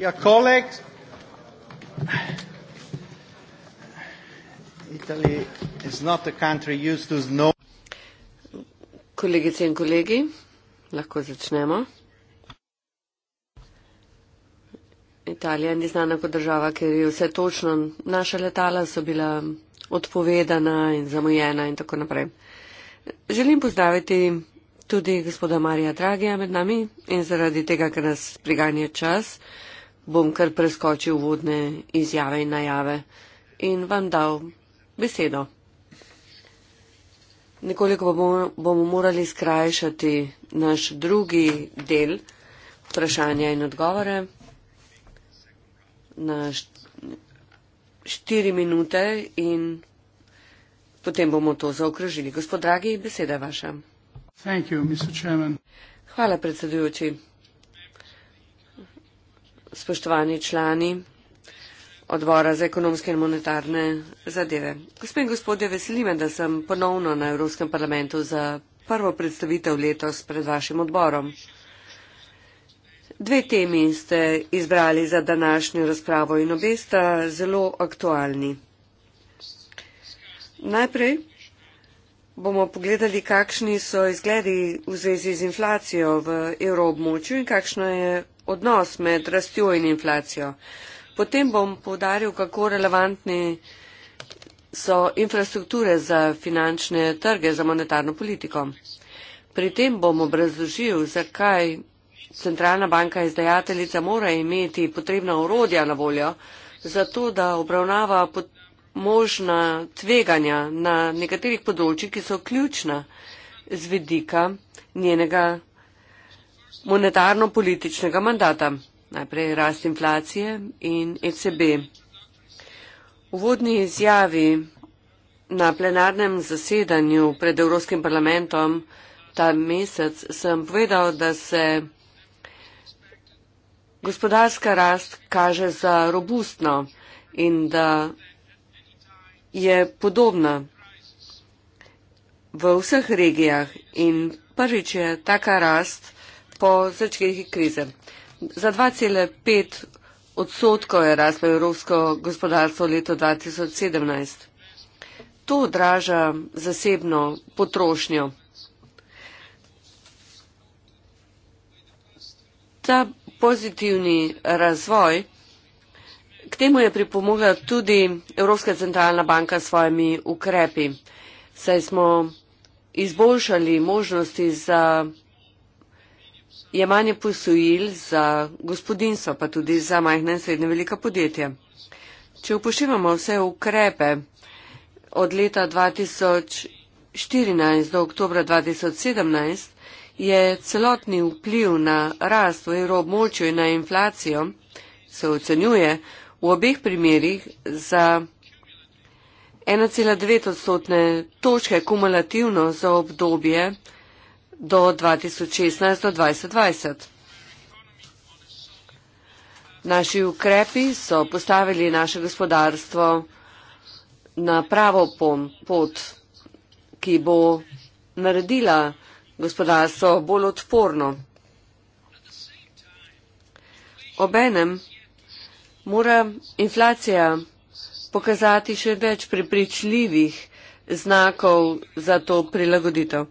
Ja, collect. Italy is not a country used to snow. Kolegice in kolegi, lahko začnemo. Italija ni znana kot država, ker je vse točno. Naša letala so bila odpovedana in zamujena in tako naprej. Želim pozdraviti tudi gospoda Marija Dragija med nami in zaradi tega, ker nas priganje čas. Uh, bom kar preskočil vodne izjave in najave in vam dal besedo. Nekoliko bomo, bomo morali skrajšati naš drugi del vprašanja in odgovore na štiri minute in potem bomo to zaokrožili. Gospod Dragi, beseda je vaša. Hvala, predsedujoči spoštovani člani odbora za ekonomske in monetarne zadeve. Gospod in gospodje, veselim me, da sem ponovno na Evropskem parlamentu za prvo predstavitev letos pred vašim odborom. Dve temi ste izbrali za današnjo razpravo in obe sta zelo aktualni. Najprej bomo pogledali, kakšni so izgledi v zvezi z inflacijo v evroobmočju in kakšno je odnos med rastjo in inflacijo. Potem bom povdaril, kako relevantni so infrastrukture za finančne trge, za monetarno politiko. Pri tem bom obrazložil, zakaj centralna banka izdajateljica mora imeti potrebna urodja na voljo, zato da obravnava možna tveganja na nekaterih področjih, ki so ključna z vidika njenega monetarno-političnega mandata. Najprej rast inflacije in ECB. V vodni izjavi na plenarnem zasedanju pred Evropskim parlamentom ta mesec sem povedal, da se gospodarska rast kaže za robustno in da je podobna v vseh regijah in prvič je taka rast, po začetku krize. Za 2,5 odstotkov je raslo evropsko gospodarstvo leto 2017. To odraža zasebno potrošnjo. Ta pozitivni razvoj, k temu je pripomogla tudi Evropska centralna banka s svojimi ukrepi. Saj smo izboljšali možnosti za jemanje posojil za gospodinstva, pa tudi za majhne in srednje velika podjetja. Če upoštevamo vse ukrepe od leta 2014 do oktobra 2017, je celotni vpliv na rast v evroobmočju in na inflacijo, se ocenjuje, v obeh primerih za 1,9 odstotne točke kumulativno za obdobje do 2016 do 2020. Naši ukrepi so postavili naše gospodarstvo na pravo pot, ki bo naredila gospodarstvo bolj odporno. Obenem mora inflacija pokazati še več prepričljivih znakov za to prilagoditev.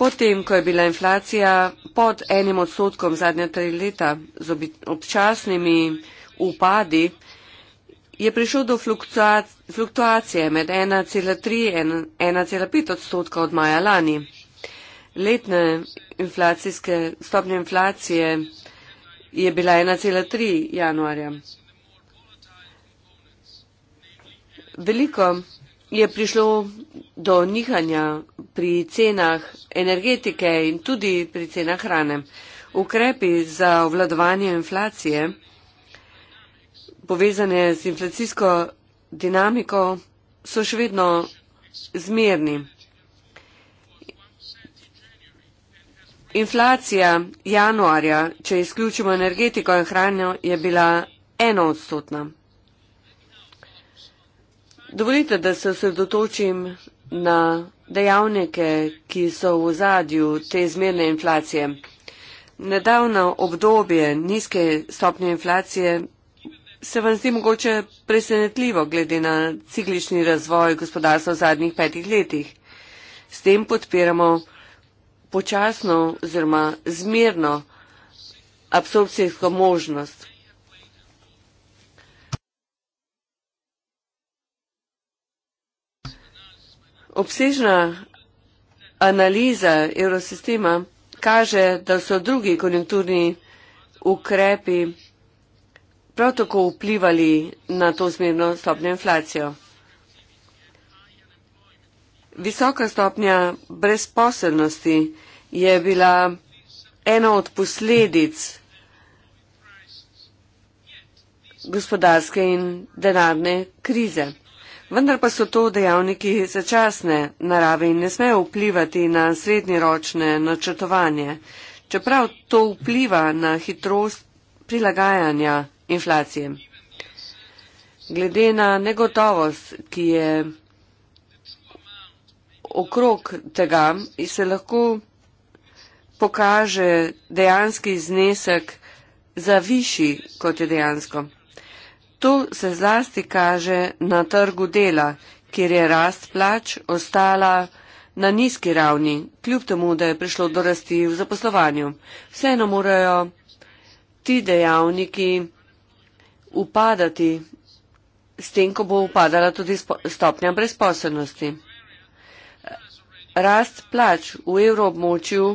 Potem, ko je bila inflacija pod enim odstotkom zadnja tri leta z občasnimi upadi, je prišel do fluktuacije med 1,3 in 1,5 odstotka od maja lani. Letne inflacijske stopnje inflacije je bila 1,3 januarja. Veliko je prišlo do nihanja pri cenah energetike in tudi pri cenah hrane. Ukrepi za obvladovanje inflacije, povezane z inflacijsko dinamiko, so še vedno zmerni. Inflacija januarja, če izključimo energetiko in hranjo, je bila enoodstotna. Dovolite, da se osredotočim na dejavnike, ki so v zadju te zmerne inflacije. Nedavno obdobje nizke stopnje inflacije se vam zdi mogoče presenetljivo glede na ciklični razvoj gospodarstva v zadnjih petih letih. S tem podpiramo počasno oziroma zmerno absorpcijsko možnost, obsežna analiza evrosistema kaže, da so drugi konjunkturni ukrepi prav tako vplivali na to zmerno stopnjo inflacijo. Visoka stopnja brezposelnosti je bila ena od posledic gospodarske in denarne krize. Vendar pa so to dejavniki začasne narave in ne smejo vplivati na srednjeročne načrtovanje. Čeprav to vpliva na hitrost prilagajanja inflacije. Glede na negotovost, ki je okrog tega, se lahko pokaže dejanski znesek za višji, kot je dejansko. To se zlasti kaže na trgu dela, kjer je rast plač ostala na nizki ravni, kljub temu, da je prišlo do rasti v zaposlovanju. Vseeno morajo ti dejavniki upadati s tem, ko bo upadala tudi stopnja brezposobnosti. Rast plač v evroobmočju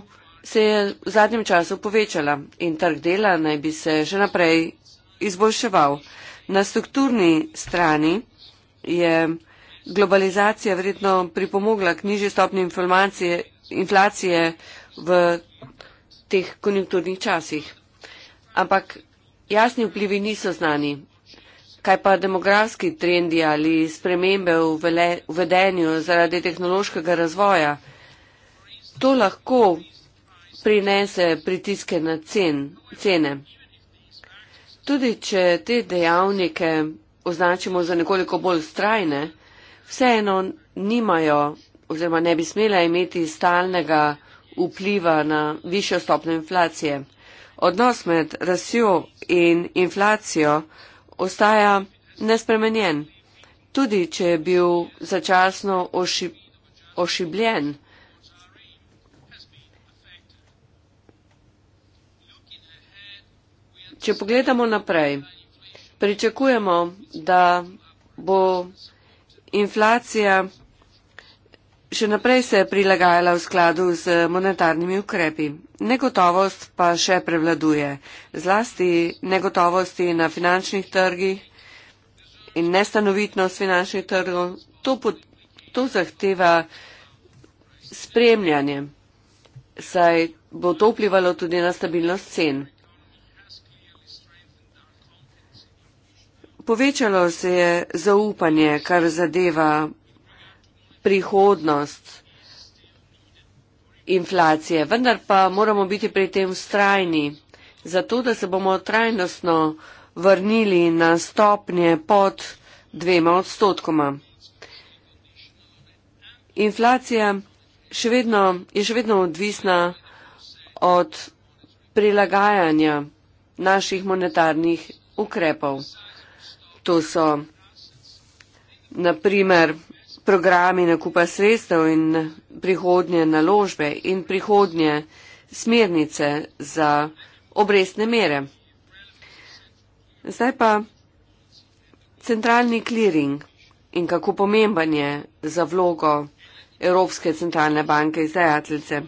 se je v zadnjem času povečala in trg dela naj bi se še naprej izboljševal. Na strukturni strani je globalizacija verjetno pripomogla k nižji stopni inflacije v teh konjunkturnih časih. Ampak jasni vplivi niso znani. Kaj pa demografski trendi ali spremembe v vedenju zaradi tehnološkega razvoja? To lahko prinese pritiske na cen, cene. Tudi če te dejavnike označimo za nekoliko bolj strajne, vseeno nimajo oziroma ne bi smela imeti stalnega vpliva na višjo stopno inflacije. Odnos med rasjo in inflacijo ostaja nespremenjen, tudi če je bil začasno oši, ošibljen. Če pogledamo naprej, pričakujemo, da bo inflacija še naprej se prilagajala v skladu z monetarnimi ukrepi. Negotovost pa še prevladuje. Zlasti negotovosti na finančnih trgih in nestanovitnost finančnih trgov, to, pot, to zahteva spremljanje, saj bo to vplivalo tudi na stabilnost cen. Povečalo se je zaupanje, kar zadeva prihodnost inflacije, vendar pa moramo biti pri tem strajni, zato da se bomo trajnostno vrnili na stopnje pod dvema odstotkoma. Inflacija še vedno, je še vedno odvisna od prilagajanja naših monetarnih ukrepov. To so naprimer programi nakupa sredstev in prihodnje naložbe in prihodnje smernice za obrestne mere. Zdaj pa centralni kliring in kako pomemben je za vlogo Evropske centralne banke izdajateljce.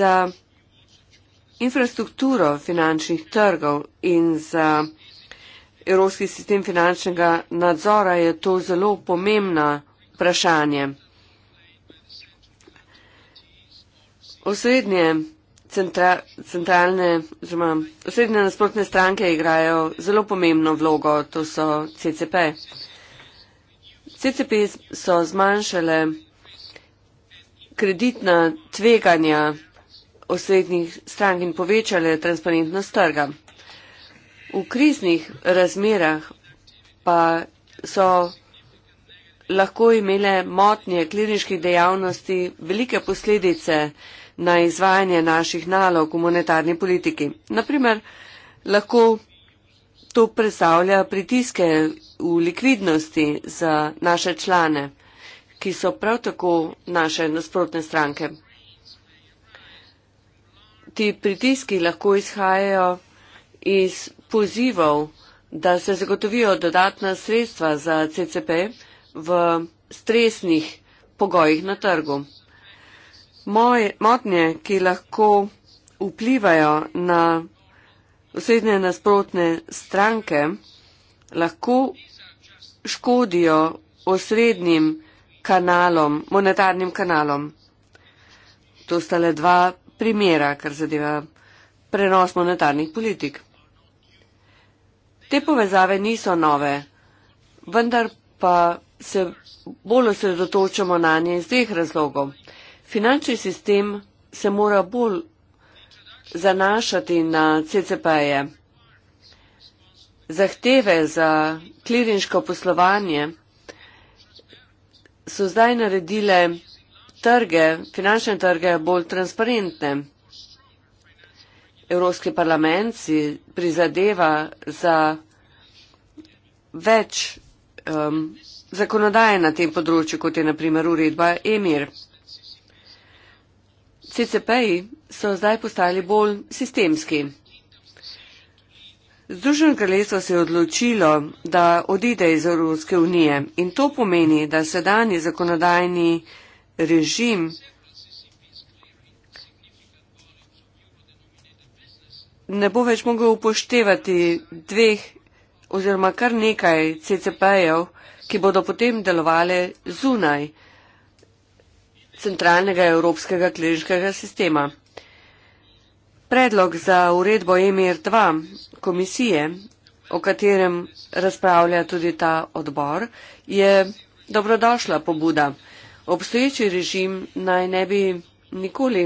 Za infrastrukturo finančnih trgov in za evropski sistem finančnega nadzora je to zelo pomembno vprašanje. Osrednje, centra, centralne, zma, osrednje nasprotne stranke igrajo zelo pomembno vlogo, to so CCP. CCP so zmanjšale kreditna tveganja osrednjih strank in povečale transparentnost trga. V kriznih razmerah pa so lahko imele motnje kliniških dejavnosti velike posledice na izvajanje naših nalog v monetarni politiki. Naprimer, lahko to predstavlja pritiske v likvidnosti za naše člane, ki so prav tako naše nasprotne stranke ti pritiski lahko izhajajo iz pozivov, da se zagotovijo dodatna sredstva za CCP v stresnih pogojih na trgu. Moje motnje, ki lahko vplivajo na vsednje nasprotne stranke, lahko škodijo osrednjim kanalom, monetarnim kanalom. To sta le dva primera, kar zadeva prenos monetarnih politik. Te povezave niso nove, vendar pa se bolj osredotočamo na nje iz dveh razlogov. Finančni sistem se mora bolj zanašati na CCP-je. Zahteve za klirinško poslovanje so zdaj naredile trge, finančne trge bolj transparentne. Evropski parlament si prizadeva za več um, zakonodaje na tem področju, kot je naprimer uredba EMIR. CCP-ji so zdaj postali bolj sistemski. Združeno kraljestvo se je odločilo, da odide iz Evropske unije in to pomeni, da sedanji zakonodajni uh, režim ne bo več mogel upoštevati dveh oziroma kar nekaj CCP-jev, ki bodo potem delovali zunaj centralnega evropskega kliničnega sistema. Predlog za uredbo EMIR-2 komisije, o katerem razpravlja tudi ta odbor, je dobrodošla pobuda obstoječi režim naj ne bi nikoli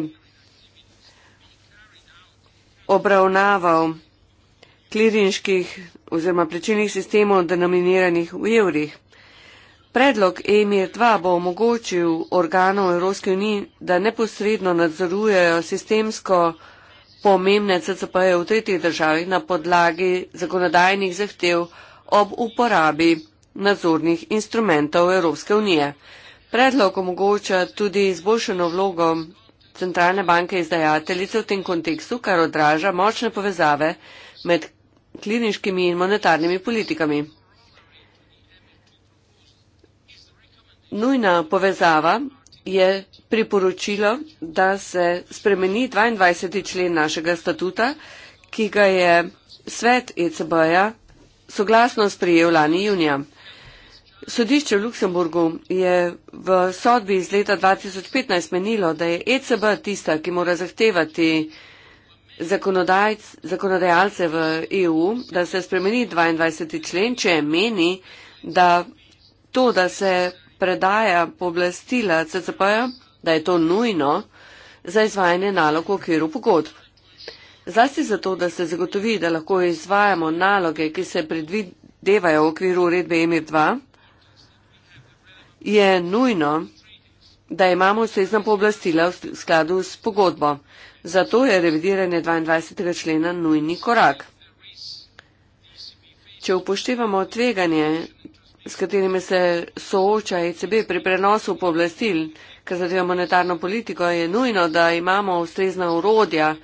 obravnaval klirinških oziroma plačilnih sistemov denominiranih v evrih. Predlog EMIR-2 bo omogočil organov Evropske unije, da neposredno nadzorujejo sistemsko pomembne CCP-je v tretjih državah na podlagi zakonodajnih zahtev ob uporabi nadzornih instrumentov Evropske unije. Predlog omogoča tudi izboljšeno vlogo centralne banke izdajateljice v tem kontekstu, kar odraža močne povezave med kliničkimi in monetarnimi politikami. Nujna povezava je priporočilo, da se spremeni 22. člen našega statuta, ki ga je svet ECB-ja soglasno sprijel lani junija. Sodišče v Luksemburgu je v sodbi iz leta 2015 menilo, da je ECB tista, ki mora zahtevati zakonodajalce v EU, da se spremeni 22. člen, če meni, da to, da se predaja pooblastila CCP-ja, da je to nujno za izvajanje nalog v okviru pogodb. Zlasti zato, da se zagotovi, da lahko izvajamo naloge, ki se predvidevajo v okviru uredbe EMIR 2 je nujno, da imamo ustrezna pooblastila v skladu s pogodbo. Zato je revidiranje 22. člena nujni korak. Če upoštevamo tveganje, s katerimi se sooča ECB pri prenosu pooblastil, kar zadeva monetarno politiko, je nujno, da imamo ustrezna urodja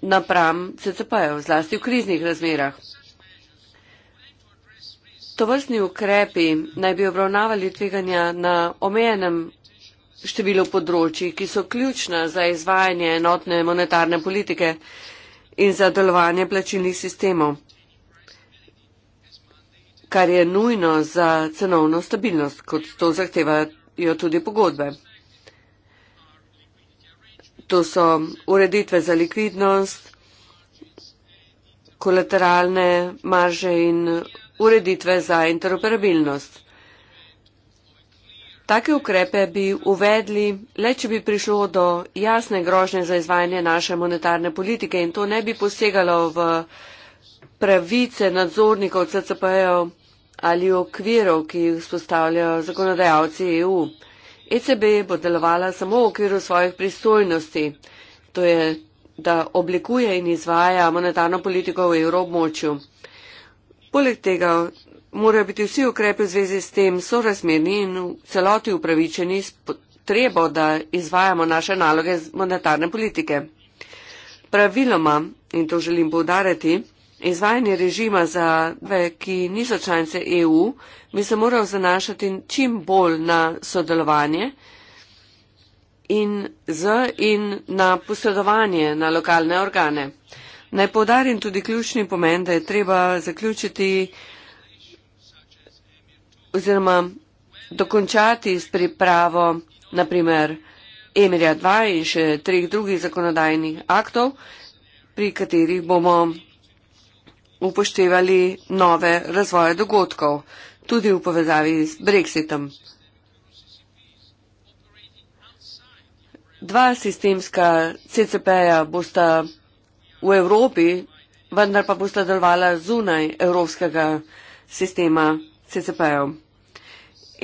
napram CCP-jev, zlasti v kriznih razmerah. To vrstni ukrepi naj bi obravnavali tveganja na omenjenem številu področji, ki so ključna za izvajanje enotne monetarne politike in za delovanje plačilnih sistemov, kar je nujno za cenovno stabilnost, kot to zahtevajo tudi pogodbe. To so ureditve za likvidnost, kolateralne marže in ureditve za interoperabilnost. Take ukrepe bi uvedli, le če bi prišlo do jasne grožnje za izvajanje naše monetarne politike in to ne bi posegalo v pravice nadzornikov CCP-jev ali okvirov, ki jih spostavljajo zakonodajalci EU. ECB bo delovala samo v okviru svojih pristojnosti, to je, da oblikuje in izvaja monetarno politiko v evrobmočju. Poleg tega morajo biti vsi ukrepe v zvezi s tem sorazmerni in v celoti upravičeni s potrebo, da izvajamo naše naloge monetarne politike. Praviloma, in to želim povdarjati, izvajanje režima za dve, ki niso članice EU, bi se moral zanašati čim bolj na sodelovanje in z in na posredovanje na lokalne organe. Naj povdarim tudi ključni pomen, da je treba zaključiti oziroma dokončati s pripravo naprimer Emirja 2 in še treh drugih zakonodajnih aktov, pri katerih bomo upoštevali nove razvoje dogodkov, tudi v povezavi z Brexitom. Dva sistemska CCP-ja bosta vsega, v Evropi, vendar pa bosta delovala zunaj evropskega sistema CCP-jev.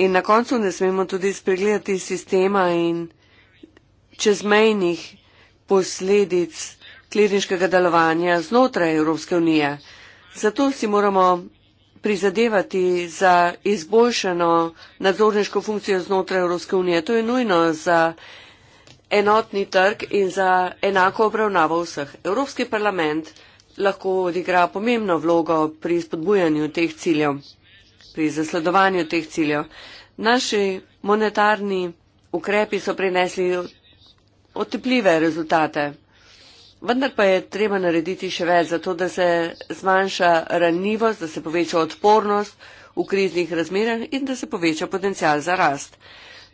In na koncu ne smemo tudi spregledati sistema in čezmejnih posledic kliničnega delovanja znotraj Evropske unije. Zato si moramo prizadevati za izboljšano nadzorniško funkcijo znotraj Evropske unije. To je nujno za enotni trg in za enako obravnavo vseh. Evropski parlament lahko odigra pomembno vlogo pri spodbujanju teh ciljev, pri zasledovanju teh ciljev. Naši monetarni ukrepi so prinesli otepljive rezultate. Vendar pa je treba narediti še več za to, da se zmanjša ranljivost, da se poveča odpornost v kriznih razmerah in da se poveča potencial za rast.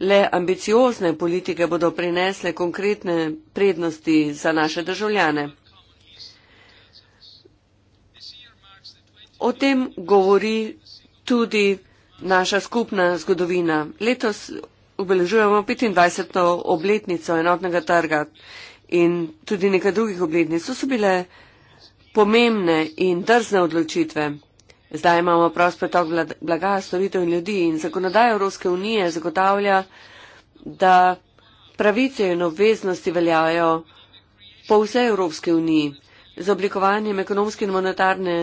Le ambiciozne politike bodo prinesle konkretne prednosti za naše državljane. O tem govori tudi naša skupna zgodovina. Letos obeležujemo 25. obletnico enotnega trga in tudi nekaj drugih obletnic. To so bile pomembne in drzne odločitve. Zdaj imamo prost pretok blaga, storitev in ljudi in zakonodaja Evropske unije zagotavlja, da pravice in obveznosti veljajo po vsej Evropske uniji. Z oblikovanjem ekonomske in monetarne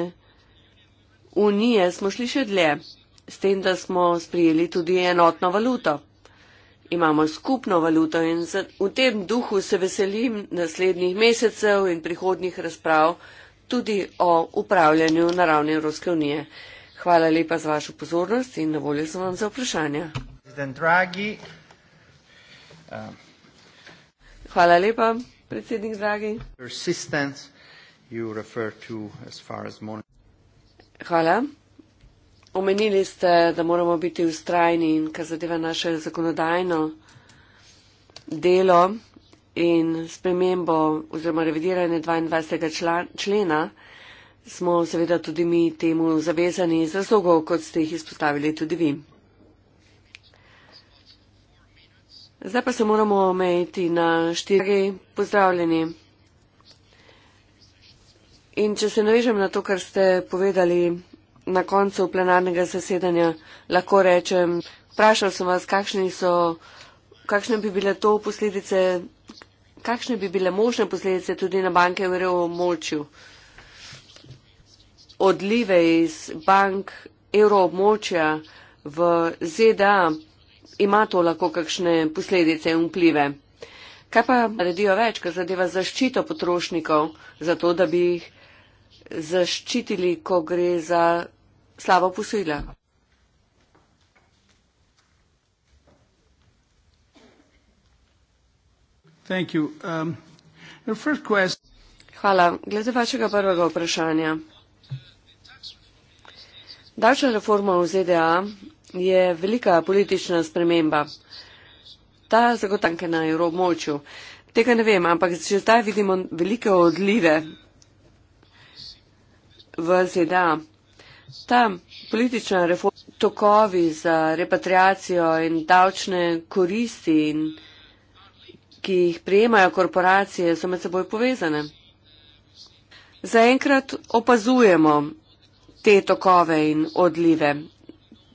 unije smo šli še dlje, s tem, da smo sprijeli tudi enotno valuto. Imamo skupno valuto in v tem duhu se veselim naslednjih mesecev in prihodnjih razprav tudi o upravljanju na ravni Evropske unije. Hvala lepa za vašo pozornost in na voljo sem vam za vprašanja. Um, Hvala lepa, predsednik Dragi. Hvala. Omenili ste, da moramo biti ustrajni in kar zadeva naše zakonodajno delo in spremembo oziroma revidiranje 22. člena smo seveda tudi mi temu zavezani iz razlogov, kot ste jih izpostavili tudi vi. Zdaj pa se moramo omejiti na štiri pozdravljeni. In če se navežem na to, kar ste povedali na koncu plenarnega zasedanja, lahko rečem, vprašal sem vas, kakšne, so, kakšne bi bile to posledice kakšne bi bile možne posledice tudi na banke v evroobmočju? Odlive iz bank evroobmočja v ZDA ima to lahko kakšne posledice in vplive. Kaj pa naredijo več, kar zadeva zaščito potrošnikov, zato da bi jih zaščitili, ko gre za slabo posojila? Um, Hvala. Glede vašega prvega vprašanja. Davčna reforma v ZDA je velika politična sprememba. Ta zagotanke na evromočju. Tega ne vem, ampak če zdaj vidimo velike odlive v ZDA, ta politična reforma, tokovi za repatriacijo in davčne koristi in reforma, ki jih prijemajo korporacije, so med seboj povezane. Zaenkrat opazujemo te tokove in odlive.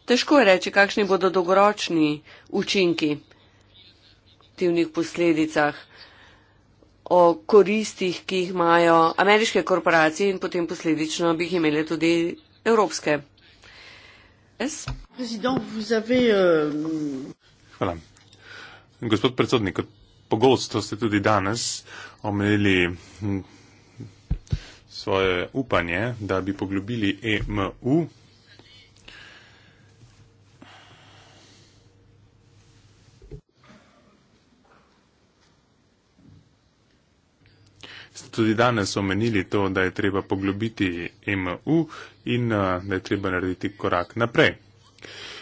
Težko je reči, kakšni bodo dolgoročni učinki tivnih posledicah o koristih, ki jih imajo ameriške korporacije in potem posledično bi jih imele tudi evropske. Es? Euh, Hvala. Gospod predsednik, pogosto ste tudi danes omenili hm, svoje upanje, da bi poglobili EMU. Ste tudi danes omenili to, da je treba poglobiti EMU in eh, da je treba narediti korak naprej. Uh,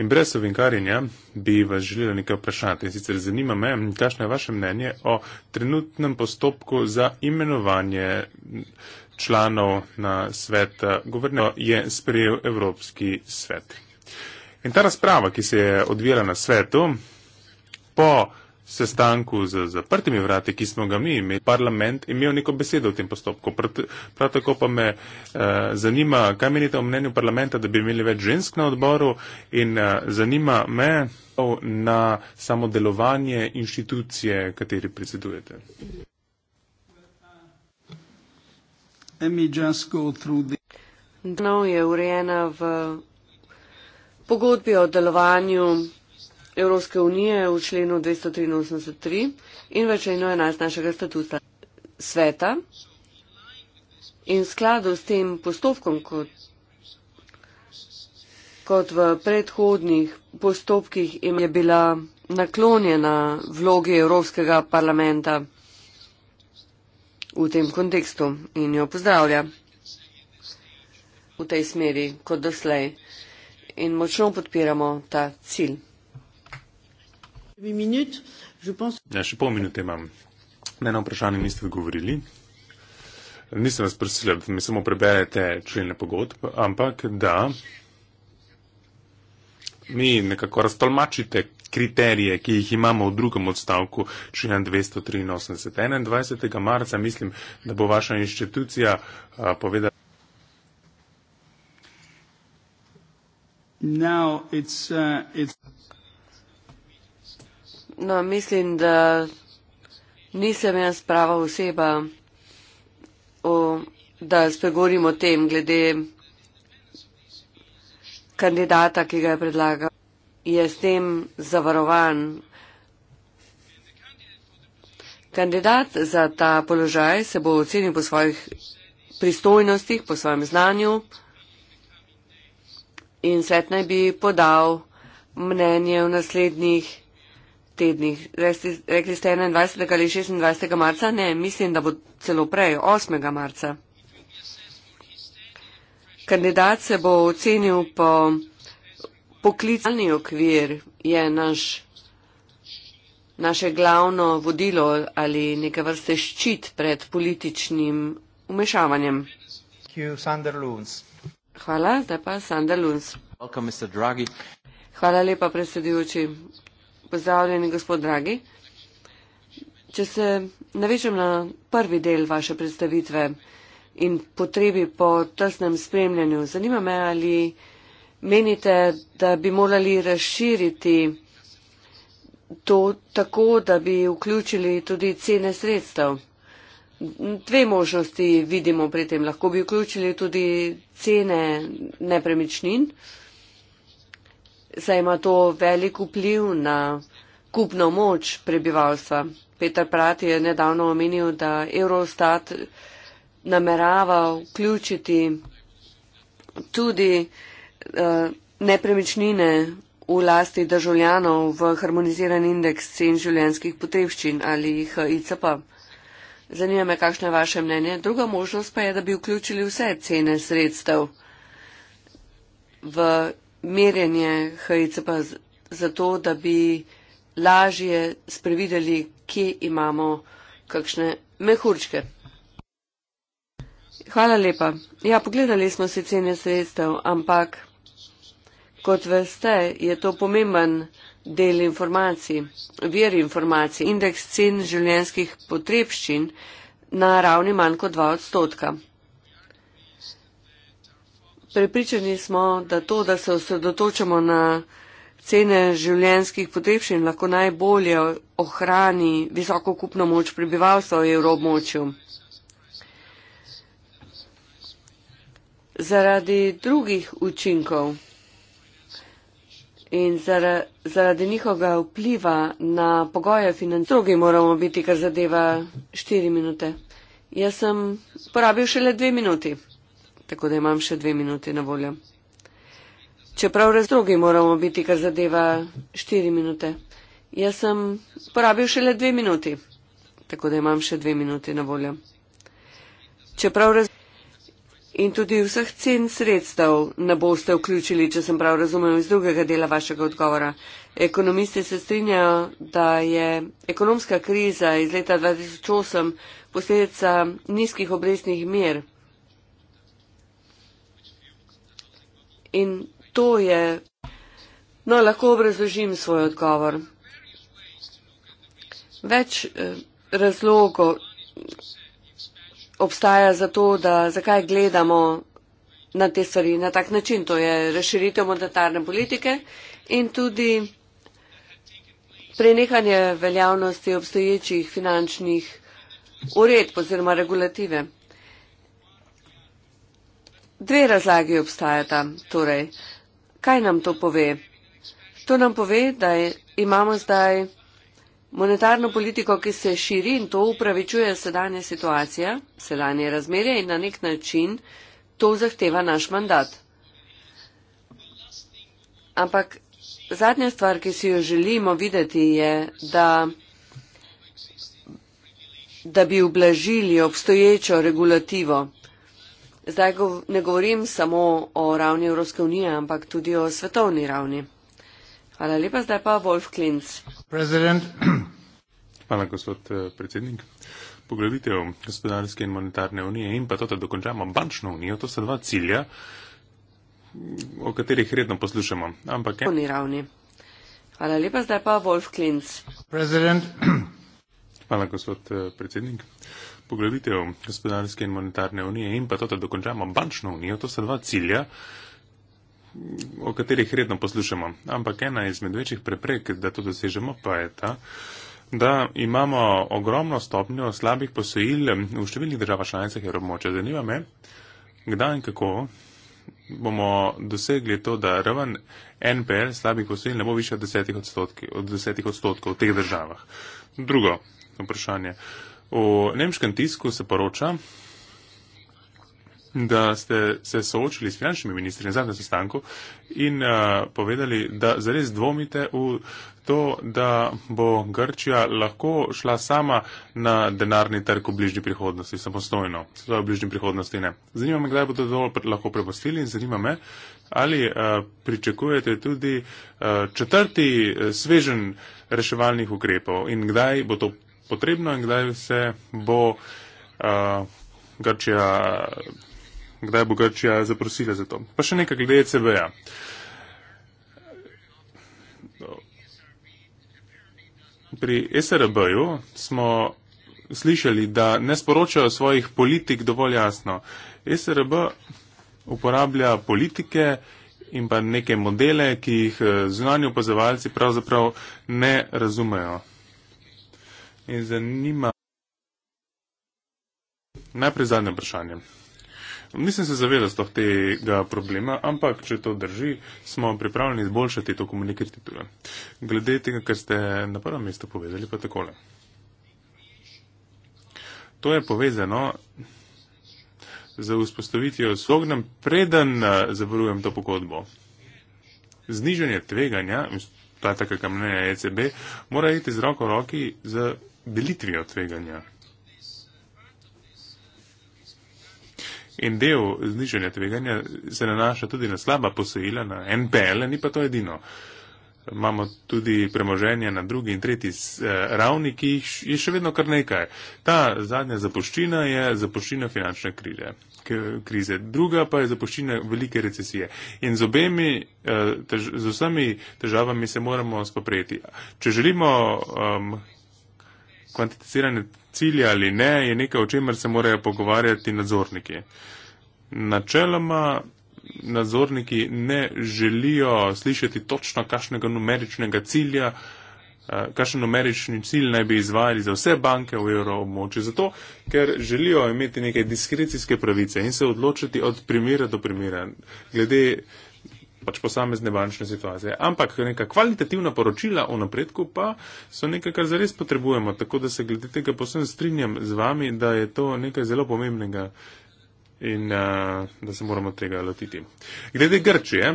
In brez ovinkarjenja bi vas želela nekaj vprašati. In sicer zanima me, kakšno je vaše mnenje o trenutnem postopku za imenovanje članov na svet guvernerja, je sprejel Evropski svet. In ta razprava, ki se je odvijala na svetu, po sestanku z zaprtimi vrati, ki smo ga mi imeli, parlament imel neko besedo v tem postopku. Prav tako pa me uh, zanima, kaj menite o mnenju parlamenta, da bi imeli več žensk na odboru in uh, zanima me na samo delovanje inštitucije, kateri predsedujete. Dno je urejena v pogodbi o delovanju Evropske unije v členu 283 in v členu 11 našega statuta sveta. In v skladu s tem postopkom, kot, kot v predhodnih postopkih, jim je bila naklonjena vlogi Evropskega parlamenta v tem kontekstu in jo pozdravlja v tej smeri kot doslej. In močno podpiramo ta cilj. Ja, še pol minute imam. Na eno vprašanje niste odgovorili. Nisem vas prosila, da mi samo preberete člene pogodb, ampak da mi nekako raztolmačite kriterije, ki jih imamo v drugem odstavku člena 283. 21. marca mislim, da bo vaša inštitucija a, povedala. Now it's, uh, it's... No, mislim, da nisem jaz prava oseba, o, da spregovorim o tem, glede kandidata, ki ga je predlagal. Je s tem zavarovan. Kandidat za ta položaj se bo ocenil po svojih pristojnostih, po svojem znanju in svet naj bi podal mnenje v naslednjih tednih. Resti, rekli ste 21. ali 26. marca? Ne, mislim, da bo celo prej, 8. marca. Kandidat se bo ocenil po poklicni okvir, je naš, naše glavno vodilo ali neka vrste ščit pred političnim umešavanjem. Hvala, zdaj pa Sander Luns. Hvala lepa, predsedujoči. Pozdravljeni, gospod Dragi. Če se navežem na prvi del vaše predstavitve in potrebi po tesnem spremljanju, zanima me, ali menite, da bi morali razširiti to tako, da bi vključili tudi cene sredstev. Dve možnosti vidimo pri tem. Lahko bi vključili tudi cene nepremičnin saj ima to velik vpliv na kupno moč prebivalstva. Petar Prati je nedavno omenil, da Eurostat namerava vključiti tudi uh, nepremičnine v lasti državljanov v harmoniziran indeks cen življenskih potrebščin ali HICP. Zanima me, kakšno je vaše mnenje. Druga možnost pa je, da bi vključili vse cene sredstev v merjenje HECP zato, da bi lažje sprevideli, kje imamo kakšne mehurčke. Hvala lepa. Ja, pogledali smo si cene sredstev, ampak kot veste, je to pomemben del informacij, vir informacij. Indeks cen življenskih potrebščin na ravni manj kot 2 odstotka. Prepričani smo, da to, da se osredotočamo na cene življenskih potrebšin, lahko najbolje ohrani visoko kupno moč prebivalstva v evroobmočju. Zaradi drugih učinkov in zaradi, zaradi njihovega vpliva na pogoje financiranja, drugi moramo biti, kar zadeva štiri minute. Jaz sem porabil šele dve minuti tako da imam še dve minute na voljo. Čeprav razdrogi moramo biti, kar zadeva štiri minute. Jaz sem porabil šele dve minuti, tako da imam še dve minute na voljo. Čeprav razdrogi in tudi vseh cen sredstev ne boste vključili, če sem prav razumel iz drugega dela vašega odgovora. Ekonomisti se strinjajo, da je ekonomska kriza iz leta 2008 posledica nizkih obrestnih mer. In to je. No, lahko obrazložim svoj odgovor. Več eh, razlogov obstaja za to, da zakaj gledamo na te stvari na tak način. To je razširitev monetarne politike in tudi prenehanje veljavnosti obstoječih finančnih ured oziroma regulative. Dve razlagi obstajata. Torej, kaj nam to pove? To nam pove, da imamo zdaj monetarno politiko, ki se širi in to upravičuje sedanja situacija, sedanje razmerje in na nek način to zahteva naš mandat. Ampak zadnja stvar, ki si jo želimo videti, je, da, da bi ublažili obstoječo regulativo. Zdaj gov ne govorim samo o ravni Evropske unije, ampak tudi o svetovni ravni. Hvala lepa, zdaj pa Wolf Klinc. President. Hvala, gospod eh, predsednik. Poglavitev gospodarske in monetarne unije in pa to, da dokončamo bančno unijo, to sta dva cilja, mm, o katerih redno poslušamo. Ampak. Svetovni ravni. Hvala lepa, zdaj pa Wolf Klinc. President. Hvala, gospod eh, predsednik poglavitev gospodarske in monetarne unije in pa to, da dokončamo bančno unijo, to sta dva cilja, o katerih redno poslušamo. Ampak ena izmed večjih preprek, da to dosežemo, pa je ta, da imamo ogromno stopnjo slabih posojil v številnih državah članicah in območja. Zanima me, kdaj in kako bomo dosegli to, da raven NPL slabih posojil ne bo više od desetih odstotkov, od desetih odstotkov v teh državah. Drugo vprašanje. Uh, V nemškem tisku se poroča, da ste se soočili s finančnimi ministri na zadnjem sestanku in uh, povedali, da zares dvomite v to, da bo Grčija lahko šla sama na denarni trg v bližnji prihodnosti, samostojno, svoje v bližnji prihodnosti ne. Zanima me, kdaj bodo to lahko prepustili in zanima me, ali uh, pričakujete tudi uh, četrti uh, svežen reševalnih ukrepov in kdaj bo to potrebno in kdaj se bo uh, Grčija, kdaj bo Grčija zaprosila za to. Pa še nekaj glede ECB-ja. Pri SRB-ju smo slišali, da ne sporočajo svojih politik dovolj jasno. SRB uporablja politike in pa neke modele, ki jih eh, zunanji opazovalci pravzaprav ne razumejo in zanima. Najprej zadnje vprašanje. Nisem se zavedal stoh tega problema, ampak če to drži, smo pripravljeni izboljšati to komunikativno. Glede tega, kar ste na prvem mestu povedali, pa takole. To je povezano z vzpostavitvijo sognem, preden eh, zavarujem to pogodbo. Znižanje tveganja, to je tako, kam ne je ECB, mora iti z roko roki z delitvijo tveganja. In del znižanja tveganja se nanaša tudi na slaba posojila, na NPL, ni pa to edino. Imamo tudi premoženje na drugi in tretji eh, ravni, ki jih je še vedno kar nekaj. Ta zadnja zapuščina je zapuščina finančne krize. krize. Druga pa je zapuščina velike recesije. In z, obemi, eh, z vsemi težavami se moramo spoprijeti. Če želimo um, kvantificirane cilje ali ne, je nekaj, o čemer se morajo pogovarjati nadzorniki. Načeloma nadzorniki ne želijo slišati točno kašnega numeričnega cilja, eh, kakšen numerični cilj naj bi izvajali za vse banke v evroobmočju, zato ker želijo imeti neke diskrecijske pravice in se odločiti od primera do primera. Glede pač posamezne bančne situacije. Ampak neka kvalitativna poročila o napredku pa so nekaj, kar zares potrebujemo. Tako da se glede tega posebno strinjam z vami, da je to nekaj zelo pomembnega in uh, da se moramo tega lotiti. Glede Grčije,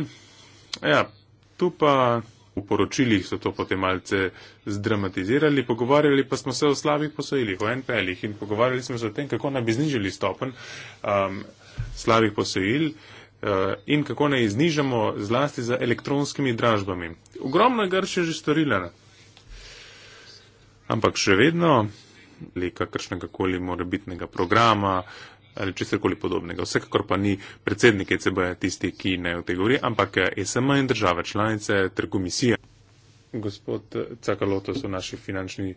ja, tu pa. V poročilih so to potem malce zdramatizirali, pogovarjali pa smo se o slabih posojilih, o NPL-ih in pogovarjali smo se o tem, kako naj bi znižili stopen um, ehm, slabih posojil. Uh, Eh, in kako ne iznižamo zlasti za elektronskimi dražbami. Ogromno je Grčija že storila. Ampak še vedno, ali kakršnega koli morebitnega programa ali česarkoli podobnega. Vsekakor pa ni predsednik ECB tisti, ki ne o tej govori, ampak eh, e SM in države članice ter komisija. Gospod eh, Cakalotos v naši finančni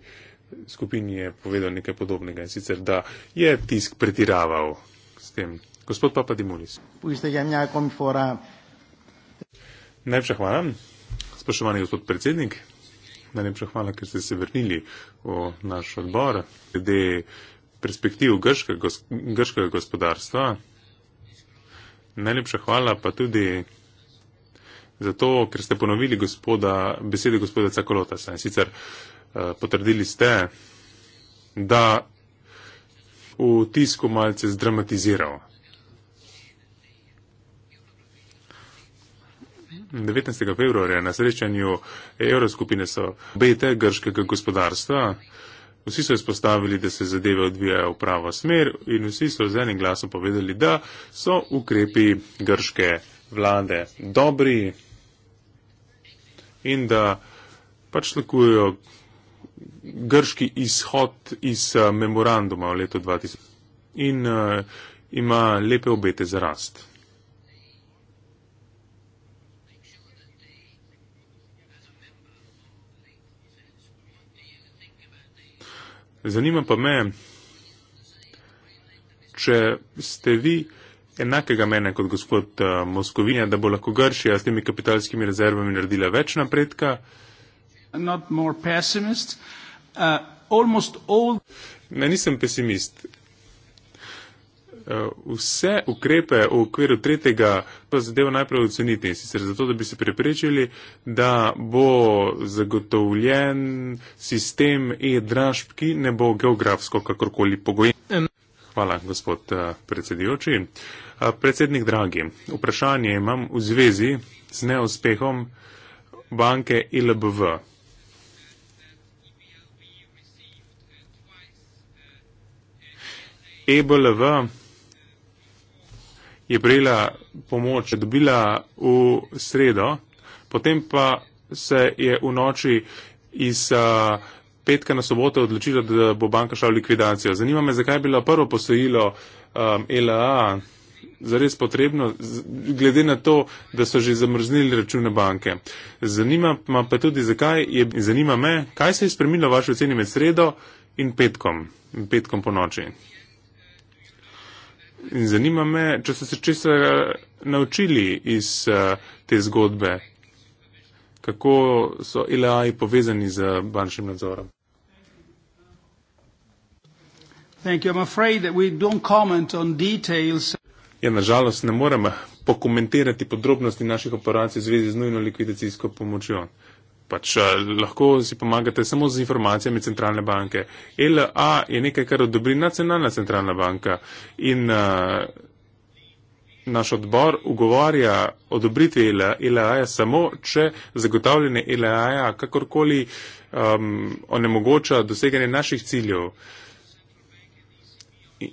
skupini je povedal nekaj podobnega in sicer, da je tisk pretiraval s tem Gospod Papa Dimulis. Ja, najlepša hvala, spoštovani gospod predsednik. Najlepša hvala, ker ste se vrnili v naš odbor. Glede perspektiv grškega gospodarstva. Najlepša hvala pa tudi zato, ker ste ponovili gospoda, besede gospoda Cakolotasa. In sicer uh, potrdili ste, da v tisku malce zdramatiziral 19. februarja na srečanju Evroskupine so obete grškega gospodarstva. Vsi so izpostavili, da se zadeve odvijajo v pravo smer in vsi so z enim glasom povedali, da so ukrepi grške vlade dobri in da pač lakujejo grški izhod iz eh, memoranduma v letu 2000 in uh, ima lepe obete za rast. Zanima pa me, če ste vi enakega mene kot gospod eh, Moskovinja, da bo lahko Grčija s temi kapitalskimi rezervami naredila več napredka. Uh, all... Ne, nisem pesimist. Eh, vse ukrepe v okviru tretjega zadeva najprej oceniti in sicer zato, da bi se preprečili, da bo zagotovljen sistem e-dražb, ki ne bo geografsko kakorkoli pogojen. Hvala, gospod eh, predsedujoči. Eh, predsednik Dragi, vprašanje imam v zvezi z neuspehom banke ILBV. EBLV je prejela pomoč, dobila v sredo, potem pa se je v noči iz petka na soboto odločila, da bo banka šla v likvidacijo. Zanima me, zakaj je bilo prvo posojilo um, LAA zares potrebno, glede na to, da so že zamrznili račune banke. Zanima pa tudi, zakaj je, zanima me, kaj se je spremenilo v vašo oceni med sredo in petkom, petkom po noči. In zanima me, če ste se česa naučili iz eh, te zgodbe, kako so ILA-ji povezani z bančnim nadzorom. Ja, nažalost ne morem pokomentirati podrobnosti naših operacij v zvezi z nujno likvidacijsko pomočjo pač eh, lahko si pomagate samo z informacijami centralne banke. LA je nekaj, kar odobri nacionalna centralna banka in uh, naš odbor ugovarja odobritve LA-ja samo, če zagotavljanje LA-ja kakorkoli um, onemogoča doseganje naših ciljev.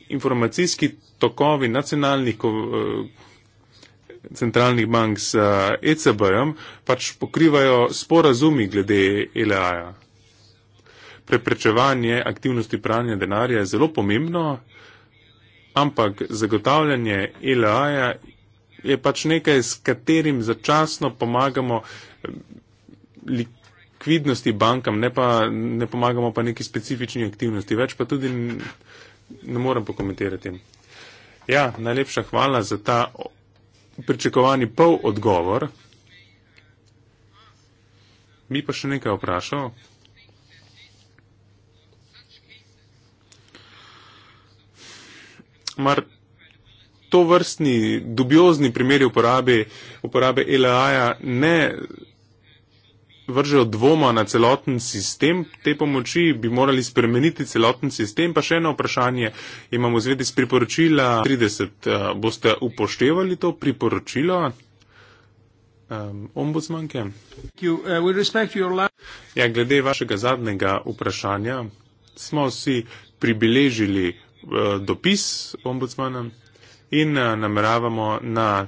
Informacijski tokovi nacionalnih. Uh, centralnih bank z ECB-jem, eh, e pač pokrivajo sporazumi glede e LA-ja. Preprečevanje aktivnosti pranja denarja je zelo pomembno, ampak zagotavljanje e LA-ja je pač nekaj, s katerim začasno pomagamo eh, likvidnosti bankam, ne, pa, ne pomagamo pa neki specifični aktivnosti, več pa tudi ne morem pokomentirati. Ja, najlepša hvala za ta pričakovani pol odgovor. Mi pa še nekaj vprašal. Mar to vrstni dubiozni primeri uporabe, uporabe LAA ne vržejo dvoma na celoten sistem te pomoči, bi morali spremeniti celoten sistem. Pa še eno vprašanje imamo zvedi z priporočila 30. Eh, boste upoštevali to priporočilo? Um, ombudsmanke. Eh, ja, glede vašega zadnjega vprašanja smo si pribeležili uh, dopis ombudsmana in uh, nameravamo na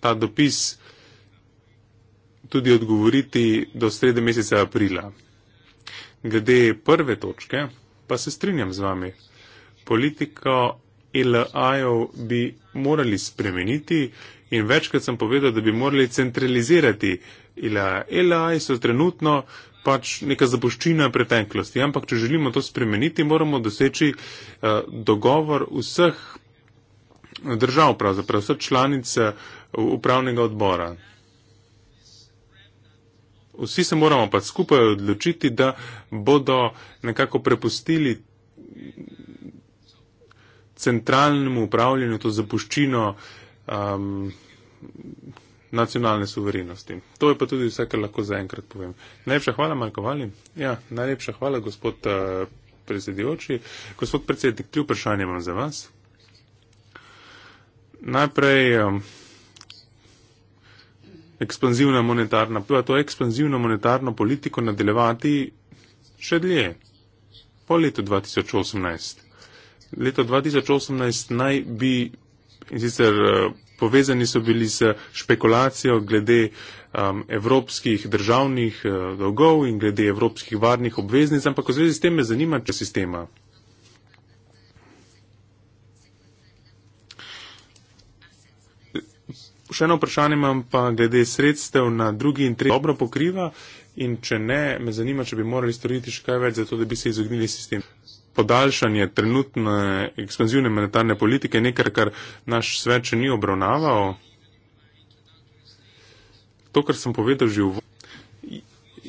ta dopis uh, tudi odgovoriti do srede meseca aprila. Glede prve točke pa se strinjam z vami. Politiko LA-jev bi morali spremeniti in večkrat sem povedal, da bi morali centralizirati LA. LA-ji so trenutno pač neka zapuščina preteklosti, ampak če želimo to spremeniti, moramo doseči eh, dogovor vseh držav, pravzaprav vseh članic eh, upravnega odbora vsi se moramo pa skupaj odločiti, da bodo nekako prepustili centralnemu upravljanju to zapuščino um, nacionalne suverenosti. To je pa tudi vse, kar lahko zaenkrat povem. Najlepša hvala, Marko Vali. Ja, najlepša hvala, gospod uh, predsedujoči. Gospod predsednik, tri vprašanje imam za vas. Najprej. Um, ekspanzivna monetarna, pa to ekspanzivno monetarno politiko nadaljevati še dlje, po letu 2018. Leto 2018 naj bi, in sicer eh, povezani so bili s špekulacijo glede um, evropskih državnih uh, dolgov in glede evropskih varnih obveznic, ampak v zvezi s tem me zanima, če sistema. še eno vprašanje imam pa glede sredstev na drugi in tretji dobro pokriva in če ne, me zanima, če bi morali storiti še kaj več za to, da bi se izognili sistem. Podaljšanje trenutne ekspanzivne monetarne politike je nekaj, kar naš svet še ni obravnaval. To, kar sem povedal že v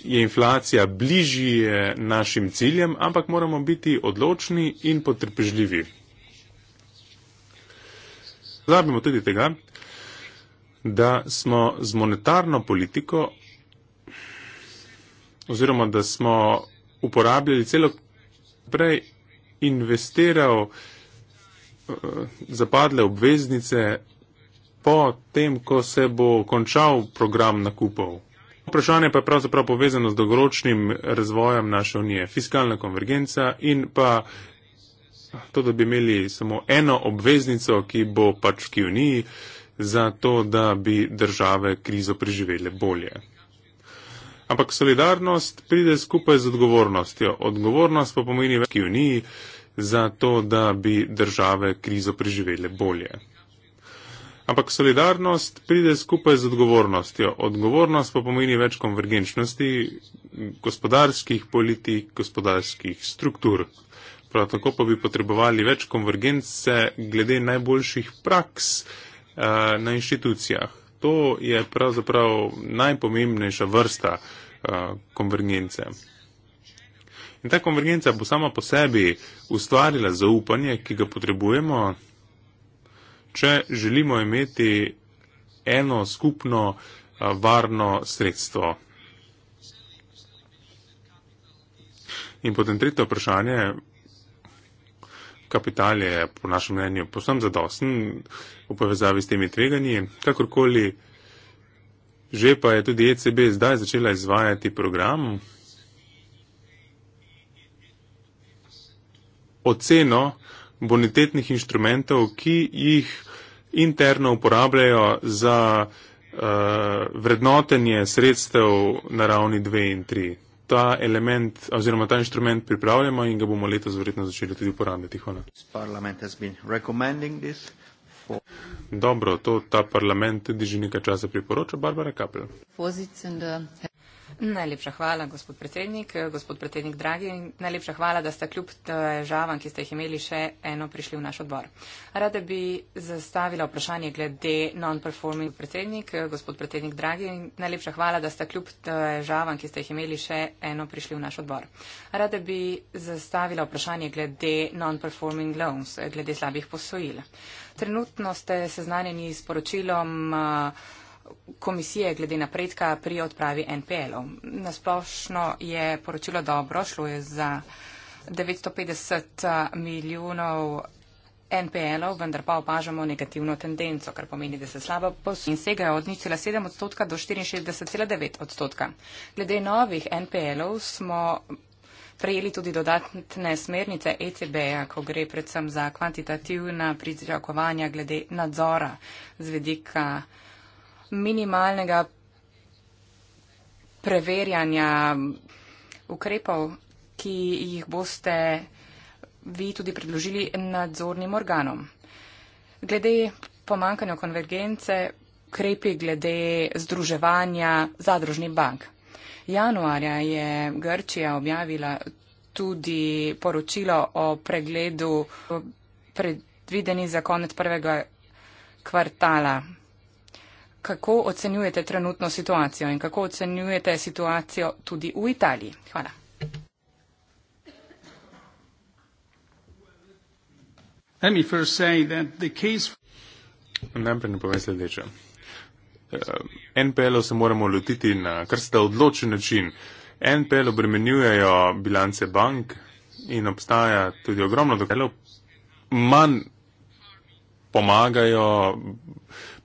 je inflacija bližje našim ciljem, ampak moramo biti odločni in potrpežljivi. Zabimo tudi tega, da smo z monetarno politiko oziroma da smo uporabljali celo prej investiral eh, zapadle obveznice po tem, ko se bo končal program nakupov. Vprašanje pa je pravzaprav povezano z dolgoročnim razvojem naše unije, fiskalna konvergenca in pa to, da bi imeli samo eno obveznico, ki bo pač v uniji za to, da bi države krizo preživele bolje. Ampak solidarnost pride skupaj z odgovornostjo. Odgovornost pa pomeni veliki uniji za to, da bi države krizo preživele bolje. Ampak solidarnost pride skupaj z odgovornostjo. Odgovornost pa pomeni več konvergenčnosti gospodarskih politik, gospodarskih struktur. Prav tako pa bi potrebovali več konvergence glede najboljših praks, na inštitucijah. To je pravzaprav najpomembnejša vrsta konvergence. In ta konvergenca bo sama po sebi ustvarila zaupanje, ki ga potrebujemo, če želimo imeti eno skupno varno sredstvo. In potem tretje vprašanje, kapital je po našem mnenju posem zadosten v povezavi s temi tveganji. Kakorkoli že pa je tudi ECB zdaj začela izvajati program. Oceno bonitetnih inštrumentov, ki jih interno uporabljajo za uh, vrednotenje sredstev na ravni 2 in 3 ta element oziroma ta inštrument pripravljamo in ga bomo letos verjetno začeli tudi uporabljati. Hvala. Dobro, to ta parlament tudi že nekaj časa priporoča, Barbara Kapel. Najlepša hvala, gospod predsednik. Gospod predsednik, dragi, najlepša hvala, da ste kljub težavam, ki ste jih imeli, še eno prišli v naš odbor. Rada bi zastavila vprašanje glede non-performing predsednik. Gospod predsednik, dragi, najlepša hvala, da ste kljub težavam, ki ste jih imeli, še eno prišli v naš odbor. Rada bi zastavila vprašanje glede non-performing loans, glede slabih posojil. Trenutno ste seznanjeni s poročilom uh, komisije glede napredka pri odpravi NPL-ov. Nasplošno je poročilo dobro, šlo je za 950 milijonov NPL-ov, vendar pa opažamo negativno tendenco, kar pomeni, da se slabo posluje in segajo od 0,7 odstotka do 64,9 odstotka. Glede novih NPL-ov smo prejeli tudi dodatne smernice ECB-ja, ko gre predvsem za kvantitativna pričakovanja glede nadzora z vedika minimalnega preverjanja ukrepov, ki jih boste vi tudi predložili nadzornim organom. Glede pomankanja konvergence, ukrepi glede združevanja zadružnih bank. Januarja je Grčija objavila tudi poročilo o pregledu predvideni za konec prvega kvartala kako ocenjujete trenutno situacijo in kako ocenjujete situacijo tudi v Italiji. Hvala. Najprej ne povem sledeče. Eh, NPL-ov se moramo lotiti na kar sta odločen način. NPL obremenjujejo bilance bank in obstaja tudi ogromno dokazov, manj pomagajo uh,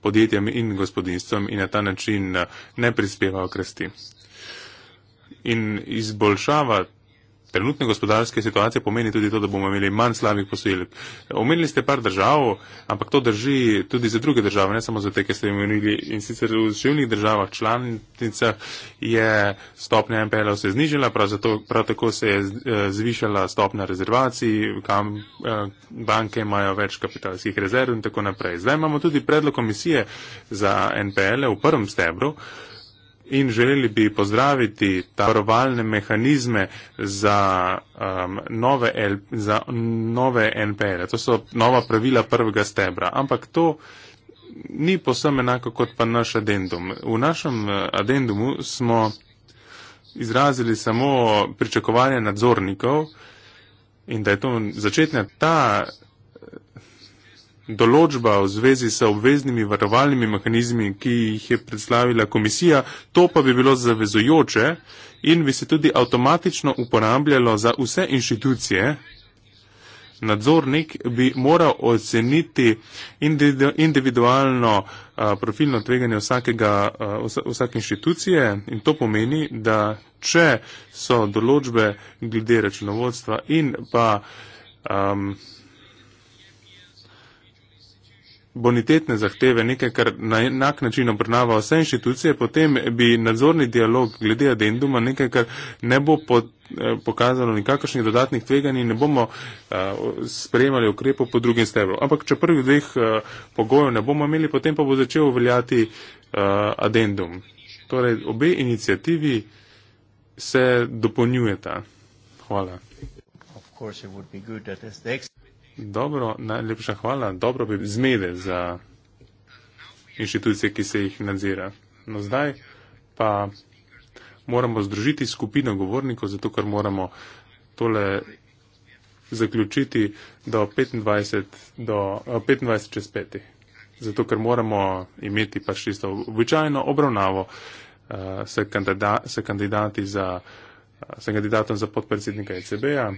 podjetjem in gospodinstvom in na ta način eh, ne prispeval k rasti. In izboljšava trenutne gospodarske situacije pomeni tudi to, da bomo imeli manj slabih posojil. Omenili ste par držav, ampak to drži tudi za druge države, ne samo za te, ki ste imenili. In sicer v številnih državah članicah je stopnja MPL-ov se znižila, prav, zato, prav tako se je eh, zvišala stopnja rezervacij, kam eh, banke imajo več kapitalskih rezerv in tako naprej. Zdaj imamo tudi predlog komisije za NPL-e v prvem stebru in želeli bi pozdraviti ta varovalne mehanizme za, um, nove L, za nove NPL. To so nova pravila prvega stebra. Ampak to ni posebno enako kot pa naš addendum. V našem eh, addendumu smo izrazili samo pričakovanje nadzornikov in da je to začetna ta določba v zvezi s obveznimi varovalnimi mehanizmi, ki jih je predstavila komisija, to pa bi bilo zavezojoče in bi se tudi avtomatično uporabljalo za vse inštitucije. Nadzornik bi moral oceniti individualno a, profilno tveganje vsakega, a, vsake inštitucije in to pomeni, da če so določbe glede računovodstva in pa. A, bonitetne zahteve, nekaj, kar na enak način obrnava vse inštitucije, potem bi nadzorni dialog glede adenduma nekaj, kar ne bo pot, eh, pokazalo nikakršnih dodatnih tveganj in ne bomo uh, sprejemali ukrepov po drugim stebru. Ampak če prvih dveh uh, pogojev ne bomo imeli, potem pa bo začel uveljati uh, adendum. Torej, obe inicijativi se dopolnjujeta. Hvala. Of course it would be good that this next Dobro, najlepša hvala. Dobro bi zmede za inštitucije, ki se jih nadzira. No zdaj pa moramo združiti skupino govornikov, zato ker moramo tole zaključiti do 25, do, 25 eh, čez 5. Zato ker moramo imeti pač čisto običajno obravnavo uh, s, kandida, s kandidati za, uh, s kandidatom za podpredsednika ECB-a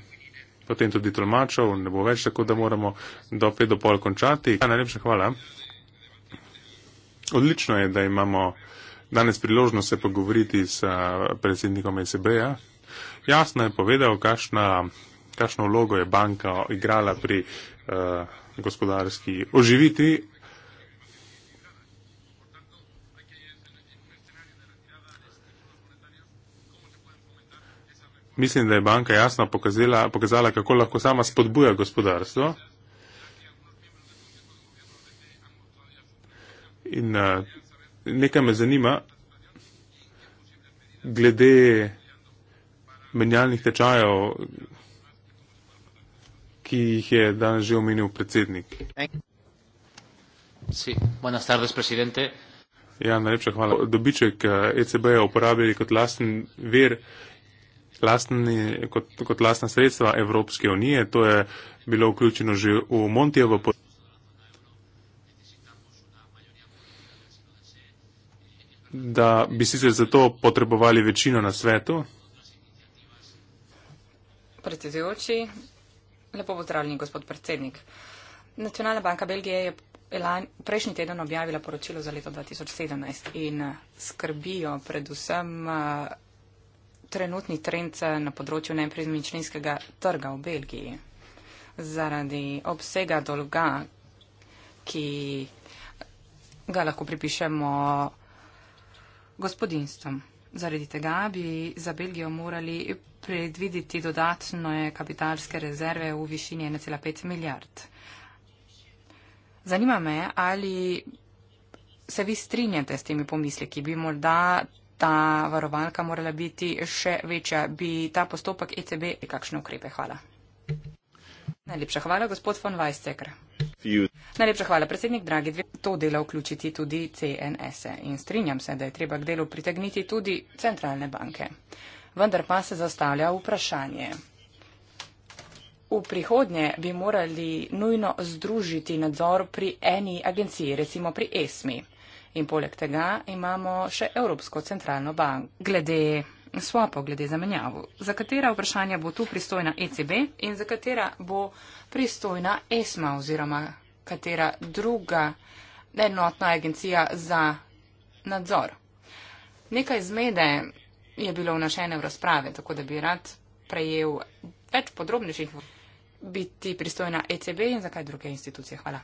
potem tudi tolmačev, ne bo več tako, da moramo do pet do pol končati. Ja, najlepša hvala. Odlično je, da imamo danes priložnost se pogovoriti s eh, predsednikom ECB-ja. Jasno je povedal, kakšna, kakšno vlogo je banka igrala pri uh, gospodarski oživitvi Mislim, da je banka jasno pokazala, pokazala, kako lahko sama spodbuja gospodarstvo. In eh, nekaj me zanima, glede menjalnih tečajev, ki jih je danes že omenil predsednik. Ja, najlepša hvala. Dobiček ECB eh, e je uporabili kot lasten ver lastni, kot, kot lastna sredstva Evropske unije. To je bilo vključeno že v Montijevo. da bi sicer za to potrebovali večino na svetu. Predsedujoči, lepo pozdravljeni, gospod predsednik. Nacionalna banka Belgije je prejšnji teden objavila poročilo za leto 2017 in eh, skrbijo predvsem eh, trenutni trend na področju nepremičninskega trga v Belgiji. Zaradi obsega dolga, ki ga lahko pripišemo gospodinstvom. Zaradi tega bi za Belgijo morali predviditi dodatne kapitalske rezerve v višini 1,5 milijard. Zanima me, ali se vi strinjate s temi pomisleki, bi morda ta varovalka morala biti še večja. Bi ta postopek ECB kakšne ukrepe? Hvala. Najlepša hvala, gospod von Weizsäcker. Najlepša hvala, predsednik Dragi, da je to delo vključiti tudi CNS-e. In strinjam se, da je treba k delu pritegniti tudi centralne banke. Vendar pa se zastavlja vprašanje. V prihodnje bi morali nujno združiti nadzor pri eni agenciji, recimo pri ESMI in poleg tega imamo še Evropsko centralno bank. Glede svapo, glede zamenjavo, za katera vprašanja bo tu pristojna ECB in za katera bo pristojna ESMA oziroma katera druga enotna agencija za nadzor. Nekaj zmede je bilo vnašene v razprave, tako da bi rad prejel več podrobnejših biti pristojna ECB in za kaj druge institucije. Hvala.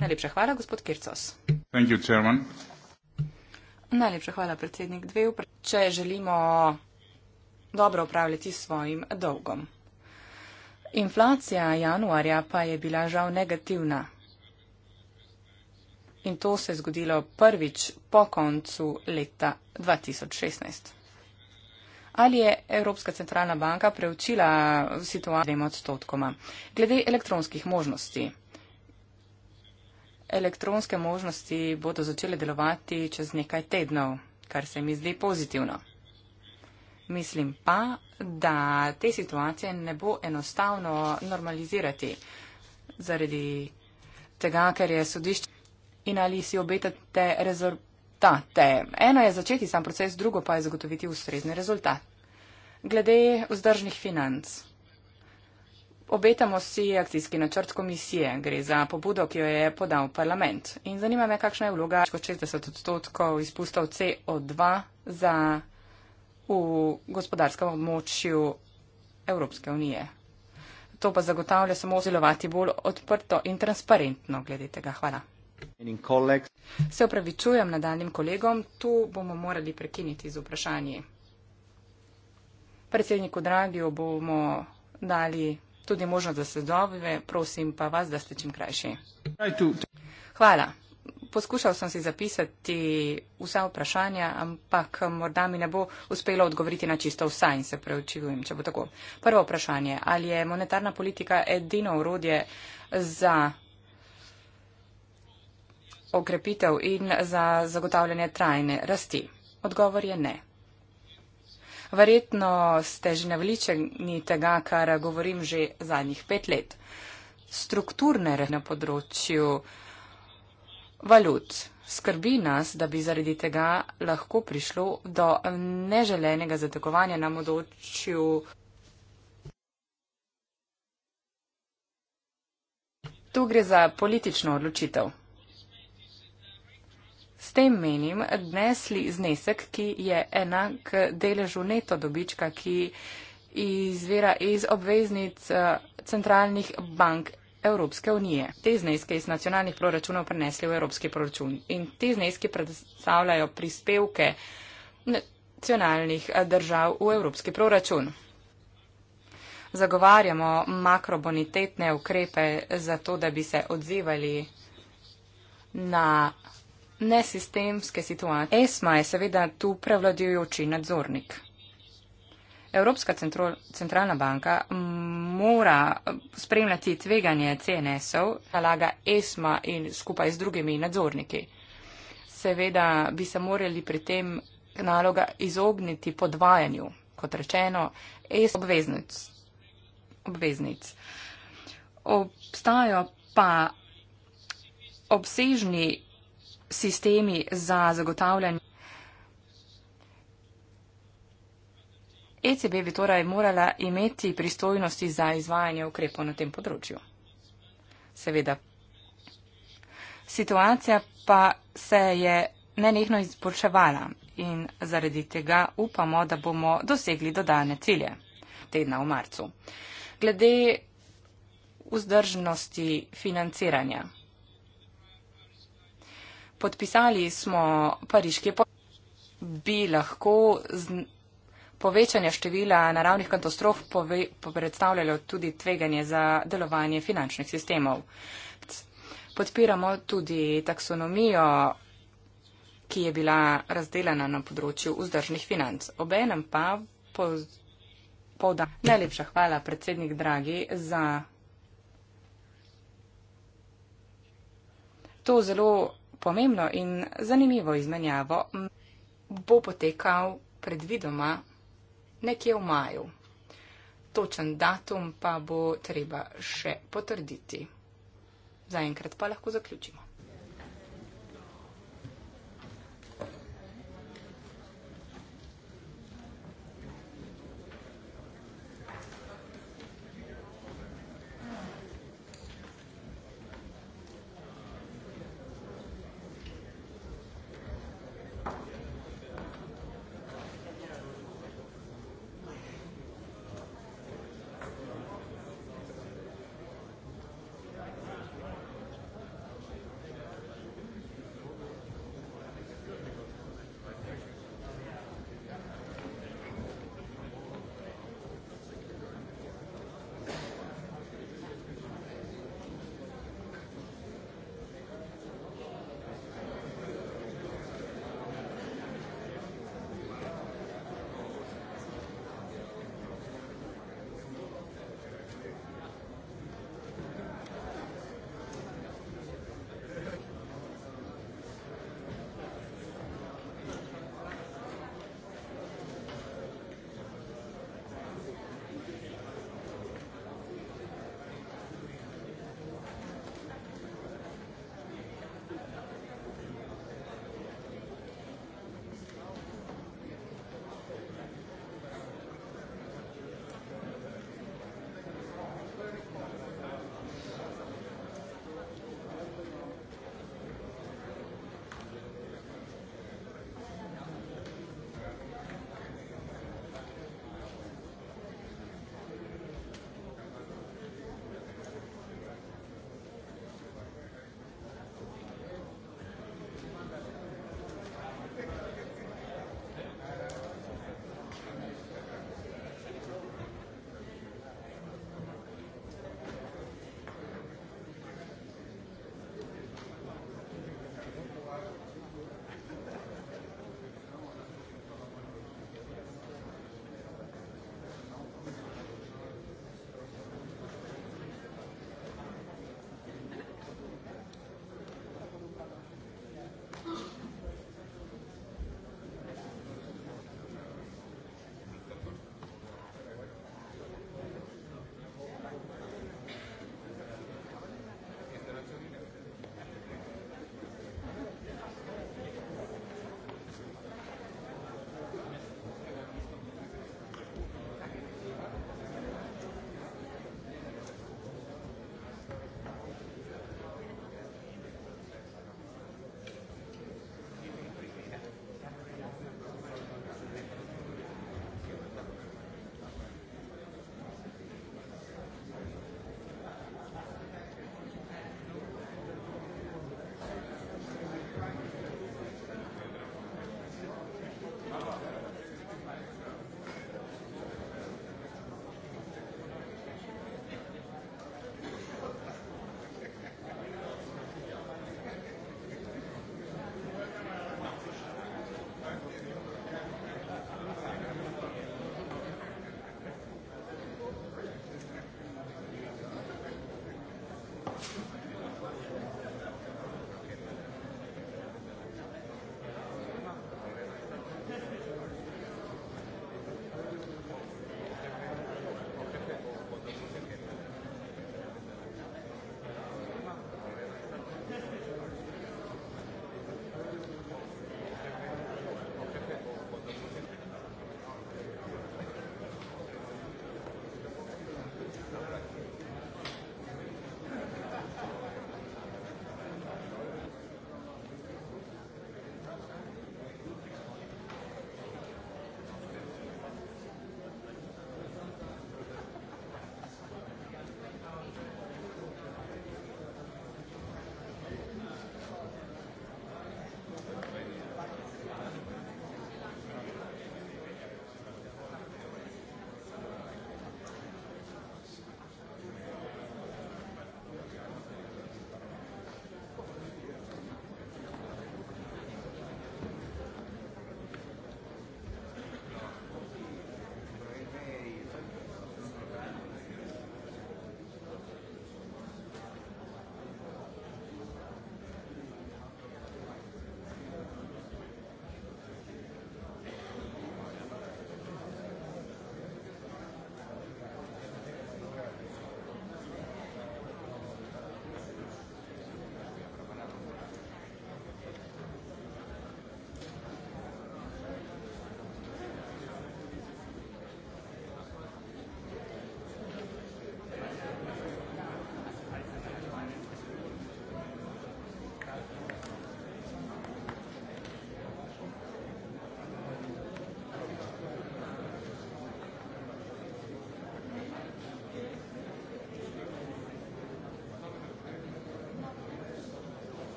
Najlepša hvala, gospod Kircos. Thank you, chairman. Najlepša hvala, predsednik. Dve vprašanje. Če želimo dobro upravljati svojim dolgom. Inflacija januarja pa je bila žal negativna. In to se je zgodilo prvič po koncu leta 2016. Ali je Evropska centralna banka preučila situacijo s 2 odstotkoma? Glede elektronskih možnosti elektronske možnosti bodo začele delovati čez nekaj tednov, kar se mi zdi pozitivno. Mislim pa, da te situacije ne bo enostavno normalizirati zaradi tega, ker je sodišče in ali si obetate rezultate. Eno je začeti sam proces, drugo pa je zagotoviti ustrezni rezultat. Glede vzdržnih financ. Obetamo si akcijski načrt komisije. Gre za pobudo, ki jo je podal parlament. In zanima me, kakšna je vloga 60 odstotkov izpustov CO2 za v gospodarskem območju Evropske unije. To pa zagotavlja samo zelovati bolj odprto in transparentno glede tega. Hvala. Se opravičujem nadaljnim kolegom, tu bomo morali prekiniti z vprašanji. Predsedniku Dragiju bomo dali tudi možnost, da se dobive, prosim pa vas, da ste čim krajši. Hvala. Poskušal sem si zapisati vsa vprašanja, ampak morda mi ne bo uspelo odgovoriti na čisto vsa in se preučujem, če bo tako. Prvo vprašanje, ali je monetarna politika edino urodje za okrepitev in za zagotavljanje trajne rasti? Odgovor je ne. Verjetno ste že naveličeni tega, kar govorim že zadnjih pet let. Strukturne reforme na področju valut skrbi nas, da bi zaradi tega lahko prišlo do neželenega zategovanja na področju. Tu gre za politično odločitev. S tem menim, nesli znesek, ki je enak deležu neto dobička, ki izvira iz obveznic eh, centralnih bank Evropske unije. Te zneske iz nacionalnih proračunov prenesli v Evropski proračun in te zneske predstavljajo prispevke nacionalnih eh, držav v Evropski proračun. Zagovarjamo makrobonitetne ukrepe za to, da bi se odzivali na nesistemske situacije. ESMA je seveda tu prevladujoči nadzornik. Evropska centralna banka mora spremljati tveganje CNS-ov, nalaga ESMA in skupaj z drugimi nadzorniki. Seveda bi se morali pri tem naloga izogniti podvajanju, kot rečeno, ESMA obveznic. obveznic. Obstajajo pa obsežni sistemi za zagotavljanje. ECB bi torej morala imeti pristojnosti za izvajanje ukrepov na tem področju. Seveda. Situacija pa se je nenehno izboljševala in zaradi tega upamo, da bomo dosegli dodane cilje tedna v marcu. Glede vzdržnosti financiranja podpisali smo pariški pot, bi lahko z povečanje števila naravnih katastrof predstavljalo tudi tveganje za delovanje finančnih sistemov. Podpiramo tudi taksonomijo, ki je bila razdelana na področju vzdržnih financ. Obenem pa povdam. Po Najlepša hvala, predsednik Dragi, za to zelo pomembno in zanimivo izmenjavo bo potekal predvidoma nekje v maju. Točen datum pa bo treba še potrditi. Zaenkrat pa lahko zaključimo.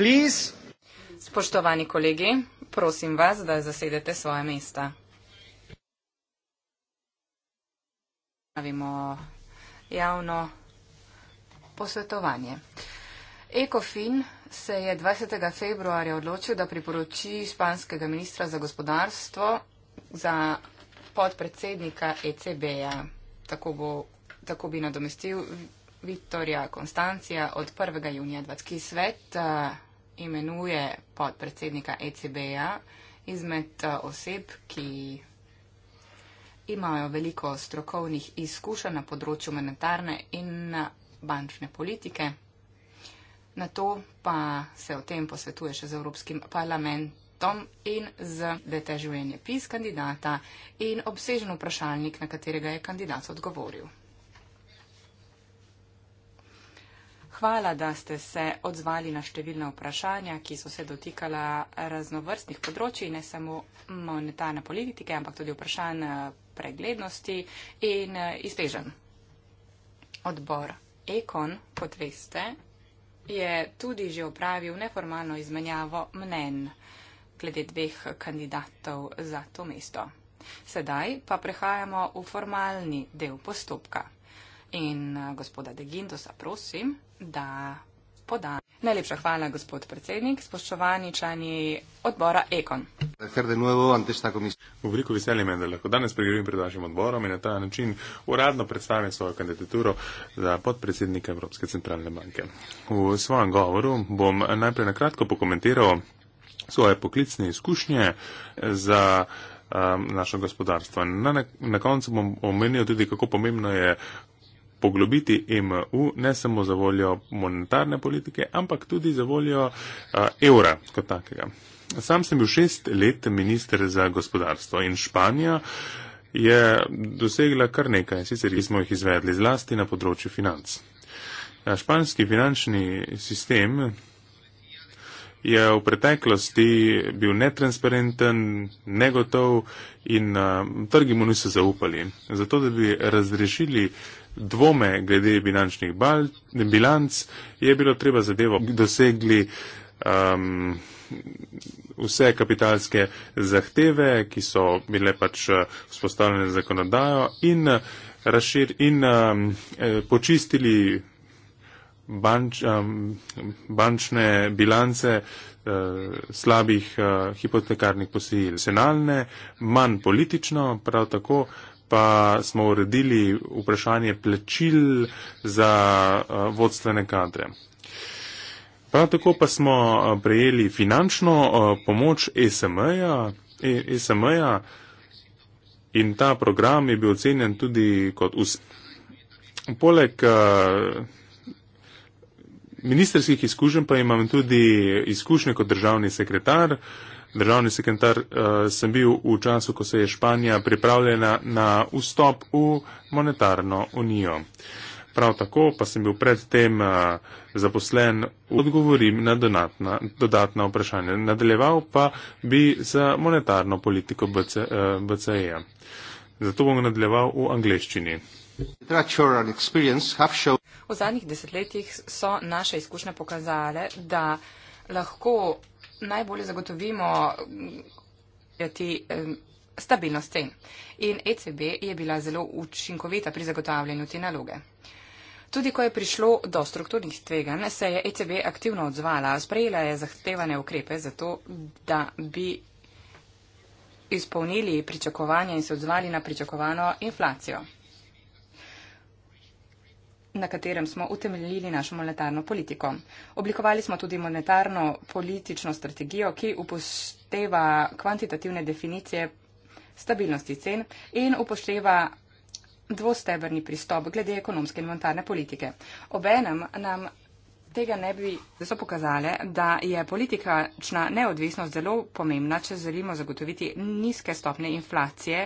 please. Spoštovani kolegi, prosim vas, da zasedete svoje mesta. Pravimo javno posvetovanje. ECOFIN se je 20. februarja odločil, da priporoči španskega ministra za gospodarstvo za podpredsednika ECB-ja. Tako, bo, tako bi nadomestil Vittorija Konstancija od 1. junija 20. svet. Uh, imenuje podpredsednika ECB-ja izmed eh, oseb, ki imajo veliko strokovnih izkušenj na področju monetarne in eh, bančne politike. Na to pa se o tem posvetuje še z Evropskim parlamentom in z detaživljenje PIS kandidata in obsežen vprašalnik, na katerega je kandidat odgovoril. hvala, da ste se odzvali na številna vprašanja, ki so se dotikala raznovrstnih področji, ne samo monetarne politike, ampak tudi vprašanj eh, preglednosti in eh, izteženj. Odbor Ekon, kot veste, je tudi že opravil neformalno izmenjavo mnen glede dveh kandidatov za to mesto. Sedaj pa prehajamo v formalni del postopka. In eh, gospoda Degindosa, prosim, da poda. Najlepša hvala, gospod predsednik, spoštovani člani odbora Ekon. V veliko veselje me, da lahko danes pregovorim pred vašim odborom in na ta način uradno predstavim svojo kandidaturo za podpredsednika Evropske centralne banke. V svojem govoru bom najprej na kratko pokomentiral svoje poklicne izkušnje za um, našo gospodarstvo. Na, na koncu bom omenil tudi, kako pomembno je poglobiti MU ne samo za voljo monetarne politike, ampak tudi za voljo uh, evra kot takega. Sam sem bil šest let minister za gospodarstvo in Španija je dosegla kar nekaj, sicer smo jih izvedli zlasti na področju financ. Eh, španski finančni sistem je v preteklosti bil netransparenten, negotov in uh, trgi mu niso zaupali. Zato, da bi razrešili uh, dvome glede bilančnih bal, bilanc, je bilo treba zadevo dosegli um, vse kapitalske zahteve, ki so bile pač uh, vzpostavljene zakonodajo in, uh, razšir, in um, eh, počistili banč, um, bančne bilance uh, slabih uh, hipotekarnih posojil. Senalne, manj politično, prav tako uh, pa smo uredili vprašanje plačil za eh, vodstvene kadre. Prav tako pa smo eh, prejeli finančno eh, pomoč SM-ja e, in ta program je bil ocenjen tudi kot uspešen. Poleg ministerskih izkušenj pa imam tudi izkušnje kot državni sekretar državni sekretar, eh, sem bil v času, ko se je Španija pripravljena na vstop v monetarno unijo. Prav tako pa sem bil predtem eh, zaposlen, odgovorim na donatna, dodatna vprašanja. Nadaljeval pa bi z monetarno politiko BC, eh, BCE-ja. Zato bom nadaljeval v angleščini. V zadnjih desetletjih so naše izkušnje pokazale, da lahko najbolje zagotovimo eh, ti eh, stabilnost cen. In ECB je bila zelo učinkovita pri zagotavljanju te naloge. Tudi ko je prišlo do strukturnih tveganj, se je ECB aktivno odzvala, sprejela je zahtevane ukrepe za to, da bi izpolnili pričakovanja in se odzvali na pričakovano inflacijo na katerem smo utemeljili našo monetarno politiko. Oblikovali smo tudi monetarno politično strategijo, ki upošteva kvantitativne definicije stabilnosti cen in upošteva dvosteberni pristop glede ekonomske in monetarne politike. Obenem nam tega ne bi so pokazale, da je politikačna neodvisnost zelo pomembna, če želimo zagotoviti nizke stopne inflacije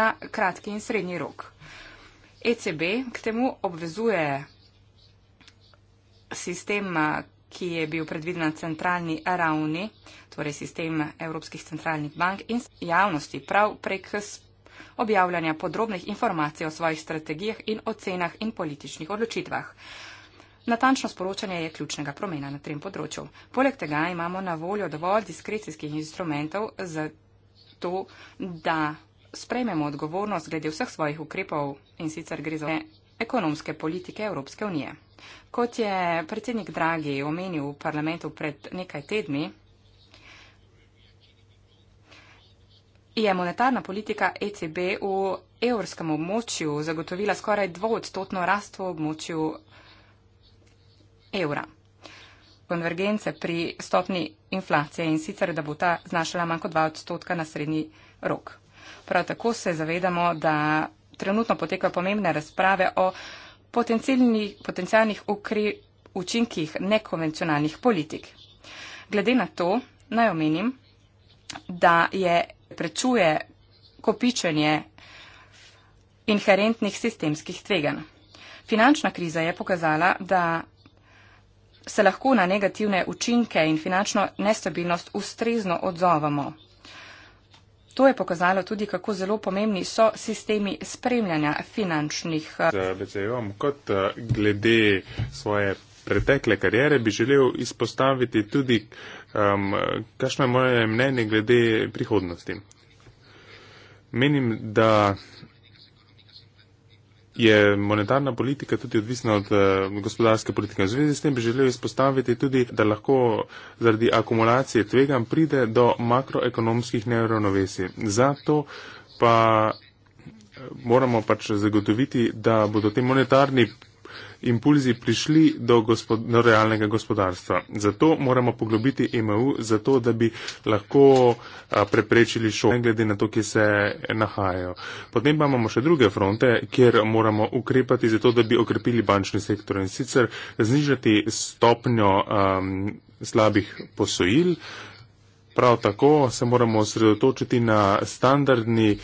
na kratki in srednji rok. ECB k temu obvezuje sistem, ki je bil predviden na centralni ravni, torej sistem evropskih centralnih bank in javnosti prav prek objavljanja podrobnih informacij o svojih strategijah in ocenah in političnih odločitvah. Natančno sporočanje je ključnega promena na trem področju. Poleg tega imamo na voljo dovolj diskrecijskih instrumentov za to, da sprejmemo odgovornost glede vseh svojih ukrepov in sicer gre za ekonomske politike Evropske unije. Kot je predsednik Dragi omenil v parlamentu pred nekaj tedni, je monetarna politika ECB v evrskem območju zagotovila skoraj dvodstotno rast v območju evra. Konvergence pri stopni inflacije in sicer, da bo ta znašala manj kot dva odstotka na srednji rok. Prav tako se zavedamo, da trenutno potekajo pomembne razprave o potencialnih, potencialnih ukri, učinkih nekonvencionalnih politik. Glede na to, naj omenim, da je prečuje kopičenje inherentnih sistemskih tveganj. Finančna kriza je pokazala, da se lahko na negativne učinke in finančno nestabilnost ustrezno odzovamo. To je pokazalo tudi, kako zelo pomembni so sistemi spremljanja finančnih. Eh, Zabezajom, kot eh, glede svoje pretekle karijere bi želel izpostaviti tudi, um, kakšno je moje mnenje glede prihodnosti. Menim, da je monetarna politika tudi odvisna od uh, gospodarske politike. V zvezi s tem bi želel izpostaviti tudi, da lahko zaradi akumulacije tvegan pride do makroekonomskih neuronovesij. Zato pa eh, moramo pač zagotoviti, da bodo te monetarni impulzi prišli do, gospod, do realnega gospodarstva. Zato moramo poglobiti EMU, zato da bi lahko a, preprečili šok, ne glede na to, ki se nahajajo. Potem pa imamo še druge fronte, kjer moramo ukrepati, zato da bi okrepili bančni sektor in sicer znižati stopnjo a, slabih posojil. Prav tako se moramo osredotočiti na standardni,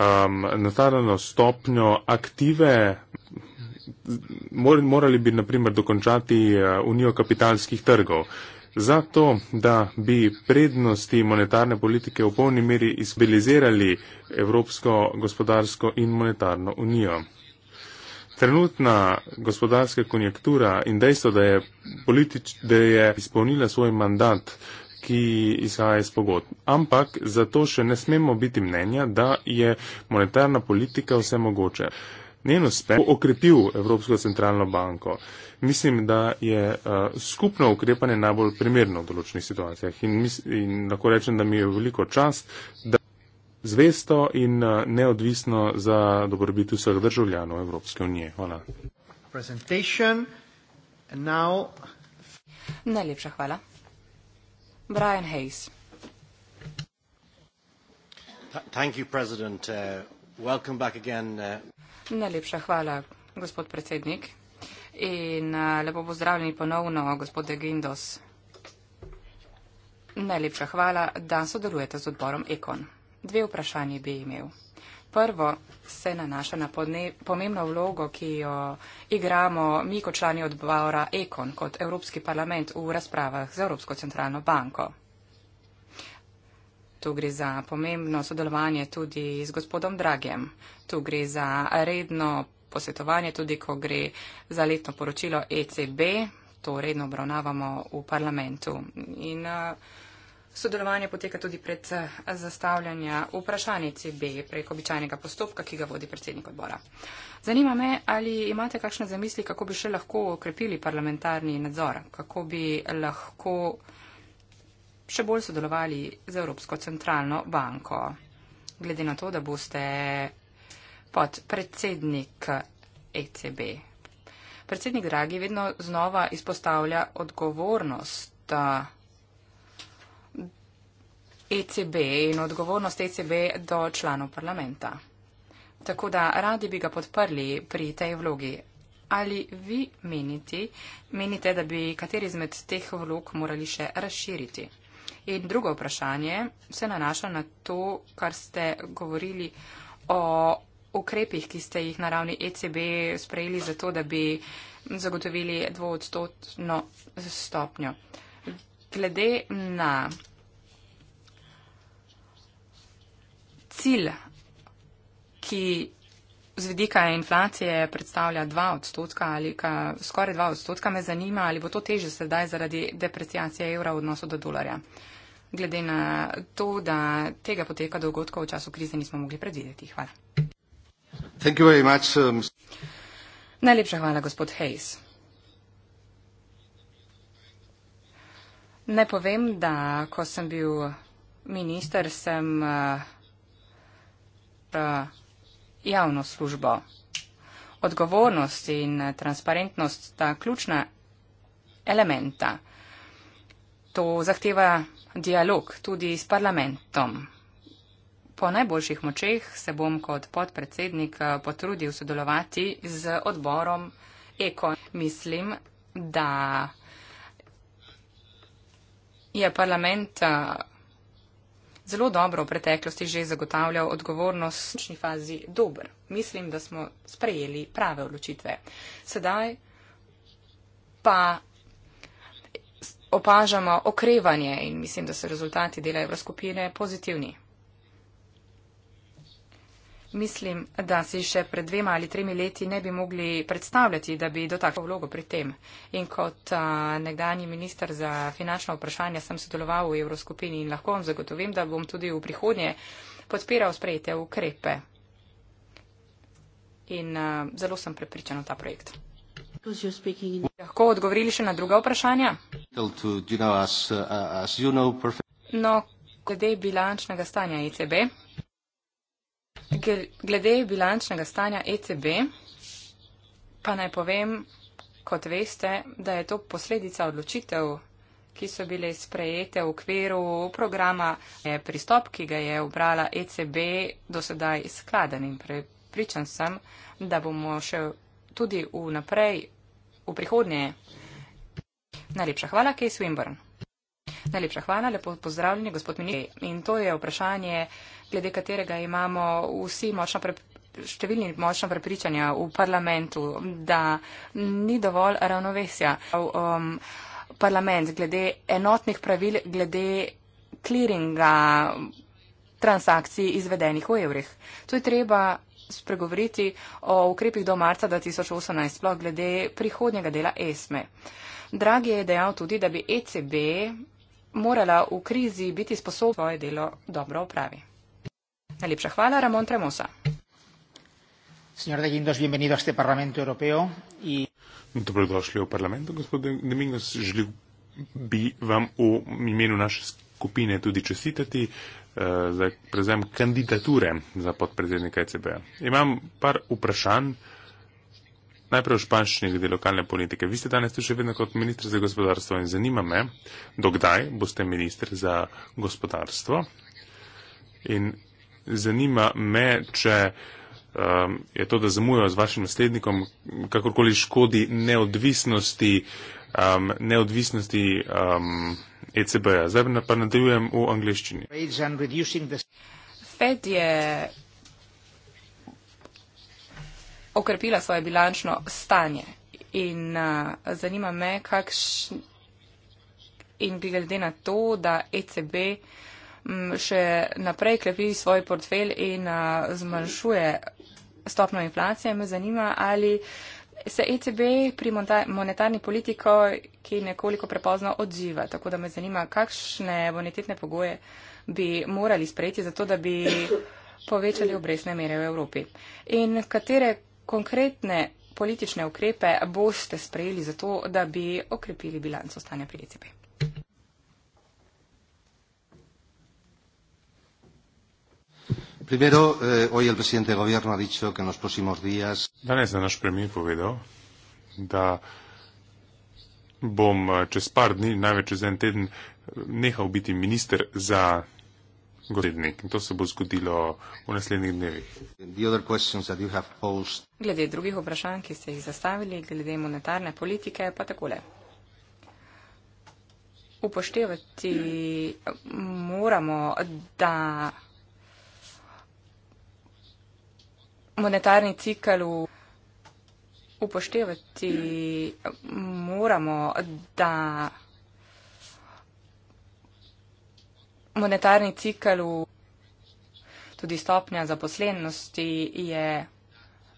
um, na standardno stopnjo aktive morali bi naprimer dokončati eh, unijo kapitalskih trgov. Zato, da bi prednosti monetarne politike v polni meri izbilizirali Evropsko gospodarsko in monetarno unijo. Trenutna gospodarska konjektura in dejstvo, da je, politič, da je izpolnila svoj mandat, ki izhaja iz pogod. Ampak zato še ne smemo biti mnenja, da je monetarna politika vse mogoče njen uspeh okrepil Evropsko centralno banko. Mislim, da je uh, skupno ukrepanje najbolj primerno v določenih situacijah in, mis, in lahko rečem, da mi je veliko čast, da zvesto in uh, neodvisno za dobrobit vseh državljanov Evropske unije. Hvala. Now... Najlepša hvala. Brian Hayes. Thank you, President. Uh, Welcome back again. Uh, Najlepša hvala, gospod predsednik. In uh, lepo pozdravljeni ponovno, gospod De Gindos. Najlepša hvala, da sodelujete z odborom Ekon. Dve vprašanje bi imel. Prvo se nanaša na pomembno vlogo, ki jo igramo mi kot člani odbora Ekon, kot Evropski parlament v razpravah z Evropsko centralno banko. Tu gre za pomembno sodelovanje tudi z gospodom Dragem. Tu gre za redno posvetovanje, tudi ko gre za letno poročilo ECB. To redno obravnavamo v parlamentu. In eh, sodelovanje poteka tudi pred eh, zastavljanja vprašanj ECB prek običajnega postopka, ki ga vodi predsednik odbora. Zanima me, ali imate kakšne zamisli, kako bi še lahko okrepili parlamentarni nadzor, kako bi lahko še bolj sodelovali z Evropsko centralno banko. Glede na to, da boste pod e predsednik ECB. Predsednik Dragi vedno znova izpostavlja odgovornost ECB eh, e in odgovornost ECB do članov parlamenta. Tako da radi bi ga podprli pri tej vlogi. Ali vi menite, menite da bi kateri izmed teh vlog morali še razširiti? In drugo vprašanje se nanaša na to, kar ste govorili o ukrepih, ki ste jih na ravni ECB sprejeli za to, da bi zagotovili dvoodstotno stopnjo. Glede na cilj, ki z vidika inflacije predstavlja dva odstotka ali skoraj dva odstotka, me zanima, ali bo to teže sedaj zaradi depreciacije evra v odnosu do dolarja glede na to, da tega poteka dogodka v času krize nismo mogli predvideti. Hvala. Much, um... Najlepša hvala, gospod Hayes. Ne povem, da ko sem bil minister, sem uh, javno službo. Odgovornost in transparentnost sta ključna elementa. To zahteva dialog tudi s parlamentom. Po najboljših močeh se bom kot podpredsednik eh, potrudil sodelovati z odborom Eko. Mislim, da je parlament eh, zelo dobro v preteklosti že zagotavljal odgovornost v končni fazi dober. Mislim, da smo sprejeli prave odločitve. Sedaj pa opažamo okrevanje in mislim, da so rezultati dela Evroskupine pozitivni. Mislim, da si še pred dvema ali tremi leti ne bi mogli predstavljati, da bi do tako vlogo pri tem. In kot a, nekdani minister za finančno vprašanje sem sodeloval v Evroskupini in lahko vam zagotovim, da bom tudi v prihodnje podpiral sprejete ukrepe. In a, zelo sem prepričan v ta projekt lahko odgovorili še na druga vprašanja? No, glede bilančnega stanja ECB. Glede bilančnega stanja ECB, pa naj povem, kot veste, da je to posledica odločitev, ki so bile sprejete v okviru programa pristop, ki ga je obrala ECB do sedaj skladen in prepričan sem, da bomo še tudi v naprej v prihodnje. Najlepša hvala, Kej Swinburne. Najlepša hvala, lepo pozdravljeni, gospod ministr. In to je vprašanje, glede katerega imamo vsi močno prepričanje. Številni močna prepričanja v parlamentu, da ni dovolj ravnovesja v um, parlament glede enotnih pravil, glede kliringa transakcij izvedenih v evrih. To je treba spregovoriti o ukrepih do marca 2018, sploh glede prihodnjega dela ESME. Dragi je dejal tudi, da bi ECB morala v krizi biti sposobna svoje delo dobro opravi. Najlepša hvala, Ramon Tremosa. Dobrodošli v parlamentu, gospod Domingos. Želim bi vam v imenu naše skupine tudi čestitati Eh, za prevzem kandidature za podpredsednika ECB. Imam par vprašanj. Najprej v španščini glede lokalne politike. Vi ste danes tu še vedno kot ministr za gospodarstvo in zanima me, dokdaj boste ministr za gospodarstvo. In zanima me, če um, je to, da zamujo z vašim naslednikom, kakorkoli škodi neodvisnosti, um, neodvisnosti um, ECB-ja. Zdaj pa nadaljujem v angliščini. Fed je okrepila svoje bilančno stanje in uh, zanima me, kakšen in glede na to, da ECB še naprej krepi svoj portfelj in uh, zmanjšuje stopno inflacije, me zanima, ali uh, se ECB pri monetarni politiko, ki nekoliko prepozno odziva. Tako da me zanima, kakšne bonitetne pogoje bi morali sprejeti za to, da bi povečali obresne mere v Evropi. In katere konkretne politične ukrepe boste sprejeli za to, da bi okrepili bilanco stanja pri ECB? Eh, Danes je naš premijer povedal, da bom eh, čez par dni, največ čez en teden, nehal biti minister za gospodnik. In to se bo zgodilo v naslednjih dnevih. Glede drugih vprašanj, ki ste jih zastavili, glede monetarne politike, pa takole. Upoštevati eh, moramo, da monetarni cikl upoštevati moramo, da monetarni cikl tudi stopnja zaposlenosti je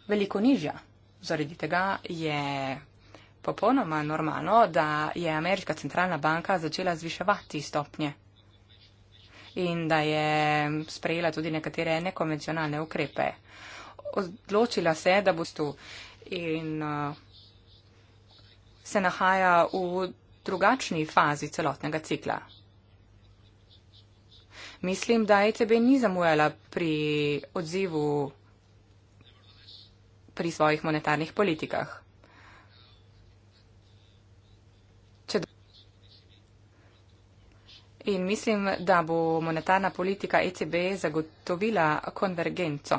veliko nižja. Zaradi tega je popolnoma normalno, da je Ameriška centralna banka začela zviševati stopnje in da je sprejela tudi nekatere nekonvencionalne ukrepe odločila se, da boš tu in uh, se nahaja v drugačni fazi celotnega cikla. Mislim, da ETB ni zamujala pri odzivu pri svojih monetarnih politikah. In mislim, da bo monetarna politika ECB zagotovila konvergenco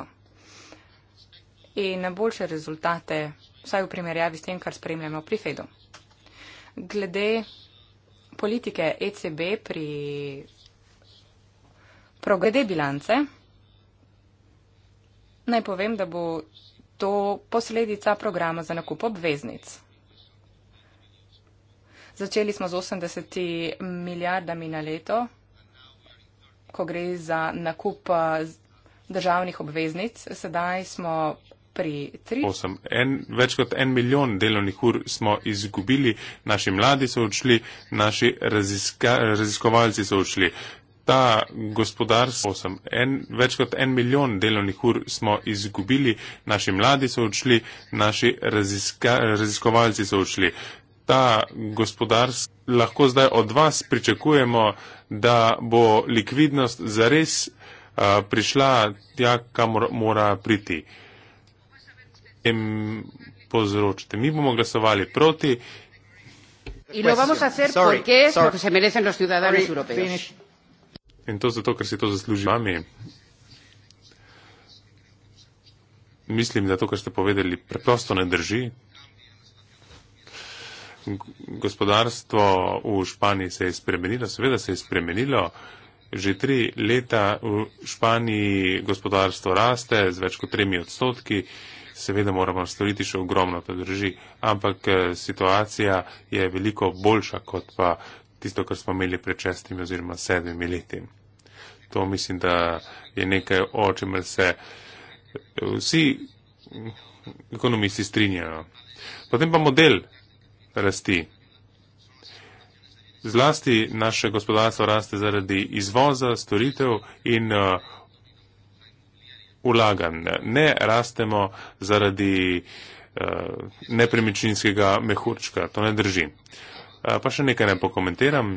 in boljše rezultate, vsaj v primerjavi s tem, kar spremljamo pri Fedu. Glede politike ECB pri progrede bilance, naj povem, da bo to posledica programa za nakup obveznic. Začeli smo z 80 milijardami na leto, ko gre za nakup eh, državnih obveznic. Sedaj smo pri 3. Več kot en milijon delovnih ur smo izgubili, naši mladi so odšli, naši raziska, raziskovalci so odšli. Ta gospodarstvo, več kot en milijon delovnih ur smo izgubili, naši mladi so odšli, naši raziska, raziskovalci so odšli. Ta gospodarstvo lahko zdaj od vas pričakujemo, da bo likvidnost zares uh, prišla tja, kamor mora priti. Uh, tem pozročite. Mi bomo glasovali proti. Y lo vamos a hacer Sorry. porque es Sorry. lo que se merecen los ciudadanos Sorry. europeos. Finish. Entonces, to, ker si to zasluži vami. Mislim, da to, kar ste povedali, preprosto ne drži. Gospodarstvo v Španiji se je spremenilo, seveda se je spremenilo. Že tri leta v Španiji gospodarstvo raste z več kot tremi odstotki. Uh, seveda moramo storiti še ogromno, to drži, ampak eh, situacija je veliko boljša kot pa tisto, kar smo imeli pred šestimi oziroma sedmimi leti. To mislim, da je nekaj, o čemer se eh, vsi ekonomisti strinjajo. Potem pa model rasti. Zlasti naše gospodarstvo raste zaradi izvoza storitev in uh, ulaganj. Ne rastemo zaradi uh, nepremičninskega mehurčka, to ne drži. Uh, pa še nekaj ne pokomentiram.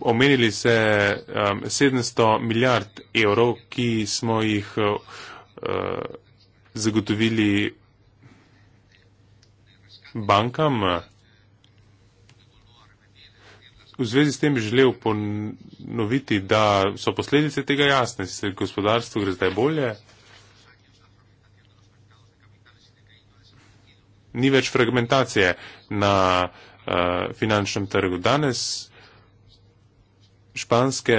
Omenili se um, eh, 700 milijard evrov, ki smo jih uh, zagotovili bankam. Uh, v zvezi s tem želel ponoviti, da so posledice tega jasne, se gospodarstvo gre zdaj bolje. Ni več fragmentacije na uh, finančnem trgu. Danes španske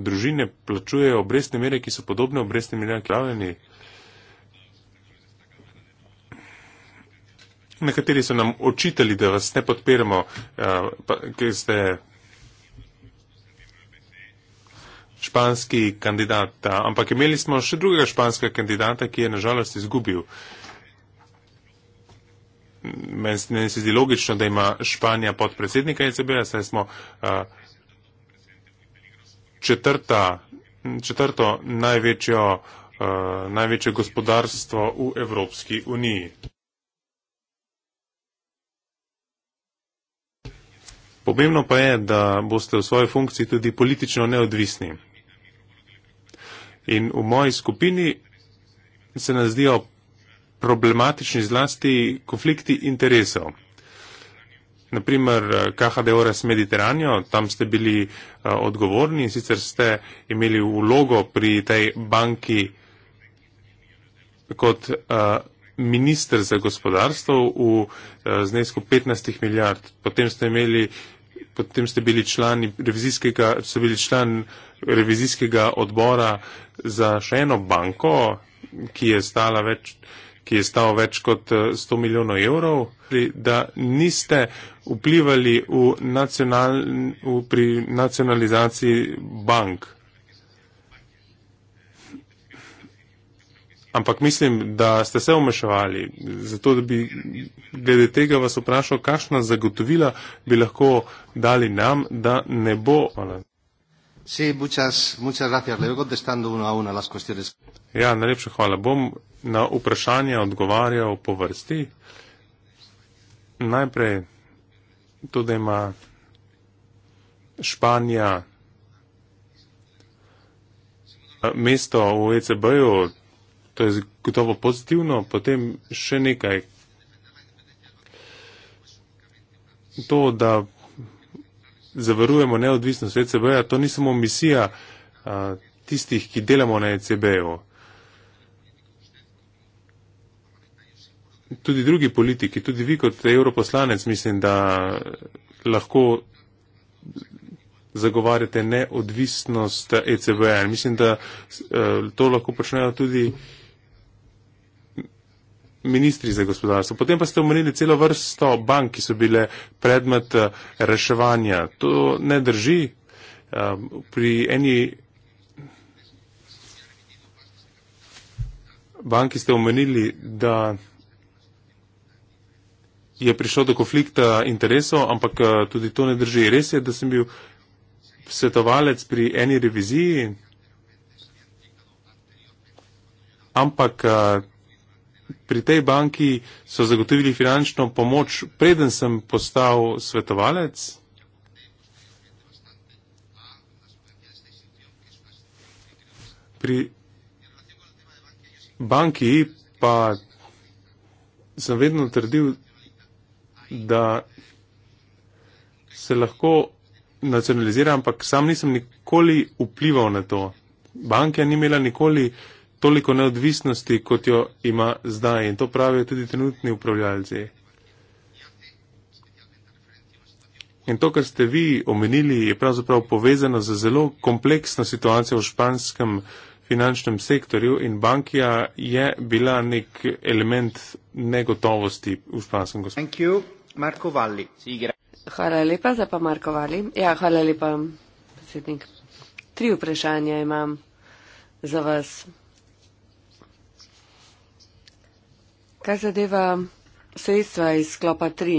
družine plačujejo obrestne mere, ki so podobne obrestnim merem klaveni. Nekateri so nam očitali, da vas ne podpiramo, uh, pa, ker ste španski kandidat, ampak imeli smo še drugega španskega kandidata, ki je nažalost izgubil. Meni se zdi logično, da ima Španija podpredsednika ECB-ja, saj smo četrta, četrto največjo, največje gospodarstvo v Evropski uniji. Pomembno pa je, da boste v svoji funkciji tudi politično neodvisni. In v moji skupini se nas zdijo problematični zlasti konflikti interesov. Naprimer, KHD eh, Ores Mediteranjo, tam ste bili eh, odgovorni in sicer ste imeli vlogo pri tej banki kot eh, minister za gospodarstvo v znesku 15 milijard. Potem ste, imeli, potem ste bili člani revizijskega, ste bili člani revizijskega odbora za še eno banko, ki je stala več, ki je stala več kot 100 eh, milijonov evrov, da niste vplivali v nacional, v, pri nacionalizaciji bank. Ampak mislim, da ste se omešavali, zato da bi glede tega vas vprašal, kakšna zagotovila bi lahko dali nam, da ne bo. Hvala. Sí, muchas, muchas gracias. Le voy contestando uno a uno las cuestiones. Ja, najlepša hvala. Bom na vprašanje odgovarjal po vrsti. Najprej tudi ima Španija mesto v ECB-ju, to je gotovo pozitivno, potem še nekaj. To, da zavarujemo neodvisnost ECB-ja, to ni samo misija a, tistih, ki delamo na ECB-ju. Tudi drugi politiki, tudi vi kot europoslanec, mislim, da lahko zagovarjate neodvisnost ECB-ja. Mislim, da a, e, to lahko počnejo tudi ministri za gospodarstvo. Potem pa ste omenili celo vrsto bank, ki so bile predmet eh, reševanja. To ne drži. Eh, pri eni banki ste omenili, da je prišlo do konflikta interesov, ampak eh, tudi to ne drži. Res je, da sem bil svetovalec pri eni reviziji, ampak pri tej banki so zagotovili finančno pomoč, preden sem postal svetovalec? Pri banki pa sem vedno trdil, da se lahko nacionalizira, ampak sam nisem nikoli vplival na to. Banka ni imela nikoli uh, toliko neodvisnosti, kot jo ima zdaj. In to pravijo tudi trenutni upravljalci. In to, kar ste vi omenili, je pravzaprav povezano z zelo kompleksno situacijo v španskem finančnem sektorju in bankija je bila nek element negotovosti v španskem gospodarstvu. Marko Valli. Hvala lepa za pa Marko Valli. Ja, hvala lepa, predsednik. Tri vprašanja imam za vas. Kaj zadeva sredstva iz sklopa 3?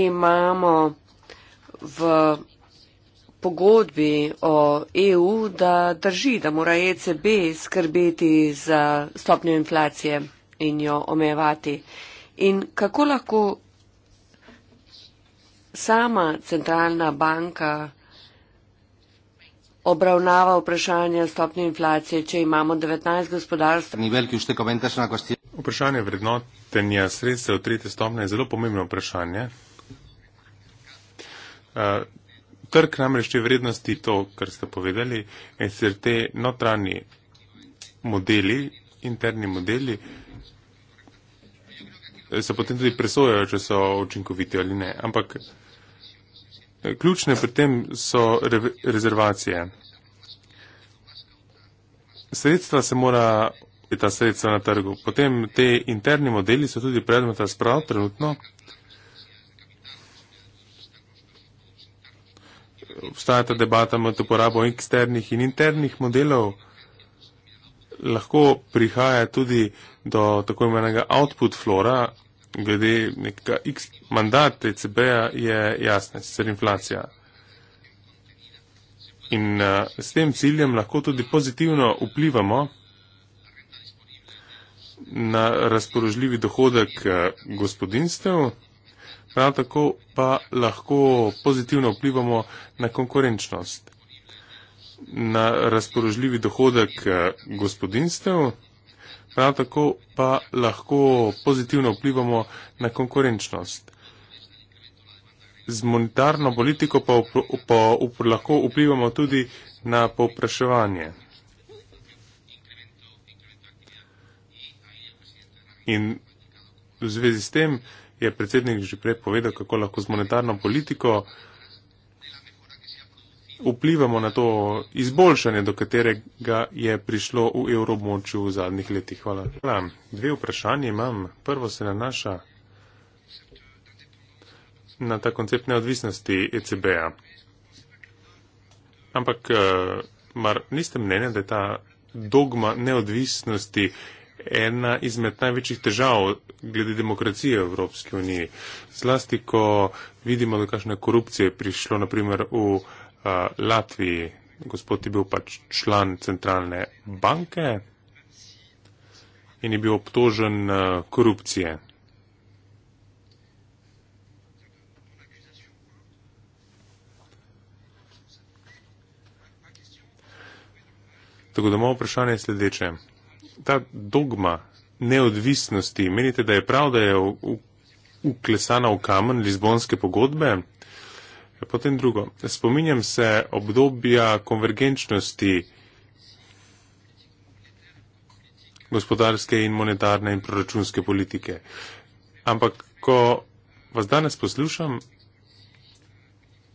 Imamo v pogodbi o EU, da drži, da mora ECB skrbeti za stopnjo inflacije in jo omejevati. In kako lahko sama centralna banka obravnava vprašanje stopne inflacije, če imamo 19 gospodarstv. Vprašanje vrednotenja sredstev tretje stopne je zelo pomembno vprašanje. Eh, trg namreč te vrednosti, to, kar ste povedali, in sicer te notranji modeli, interni modeli, eh, se potem tudi presojajo, če so učinkoviti ali ne. Ampak Ključne pri tem so re rezervacije. Sredstva se mora, je ta sredstva na trgu. Potem te interni modeli so tudi predmet razprav trenutno. Obstaja ta debata med uporabo eksternih in internih modelov. Lahko prihaja tudi do tako imenega output flora, glede nekega X mandata ECB-ja je jasna, sicer inflacija. In uh, s tem ciljem lahko tudi pozitivno vplivamo na razpoložljivi dohodek eh, gospodinstev, prav tako pa lahko pozitivno vplivamo na konkurenčnost. Na razpoložljivi dohodek eh, gospodinstev prav tako pa lahko pozitivno vplivamo na konkurenčnost. Z monetarno politiko pa, pa, pa lahko vplivamo tudi na povpraševanje. In v zvezi s tem je predsednik že prej povedal, kako lahko z monetarno politiko uh, vplivamo na to izboljšanje, do katerega je prišlo v evromočju v zadnjih letih. Hvala. Hvala. Dve vprašanje imam. Prvo se nanaša na ta koncept neodvisnosti ECB-a. Ampak eh, mar niste mnenja, da je ta dogma neodvisnosti ena izmed največjih težav glede demokracije v Evropski uniji. Zlasti, ko vidimo, da kakšne korupcije je prišlo, naprimer, v uh, Eh, Latviji. Gospod je bil pač član centralne banke in je bil obtožen eh, korupcije. Tako da moje vprašanje je sledeče. Ta dogma neodvisnosti, menite, da je prav, da je uklesana v kamen Lizbonske pogodbe? Ja, potem drugo. Spominjam se obdobja konvergenčnosti gospodarske in monetarne in proračunske politike. Ampak, ko vas danes poslušam,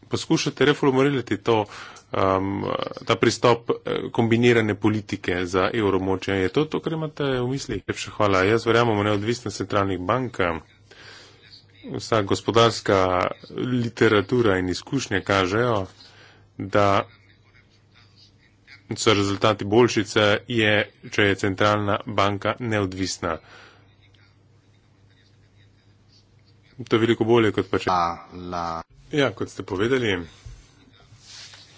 poskušate reformulirati to, um, ta pristop eh, kombinirane politike za evromočje. Je to to, kar imate v misli? Lepša hvala. Jaz verjamem v neodvisnost centralnih bank vsa gospodarska literatura in izkušnje kažejo, da so rezultati boljšice, je, če je centralna banka neodvisna. To je veliko bolje, kot pa če. Ja, kot ste povedali,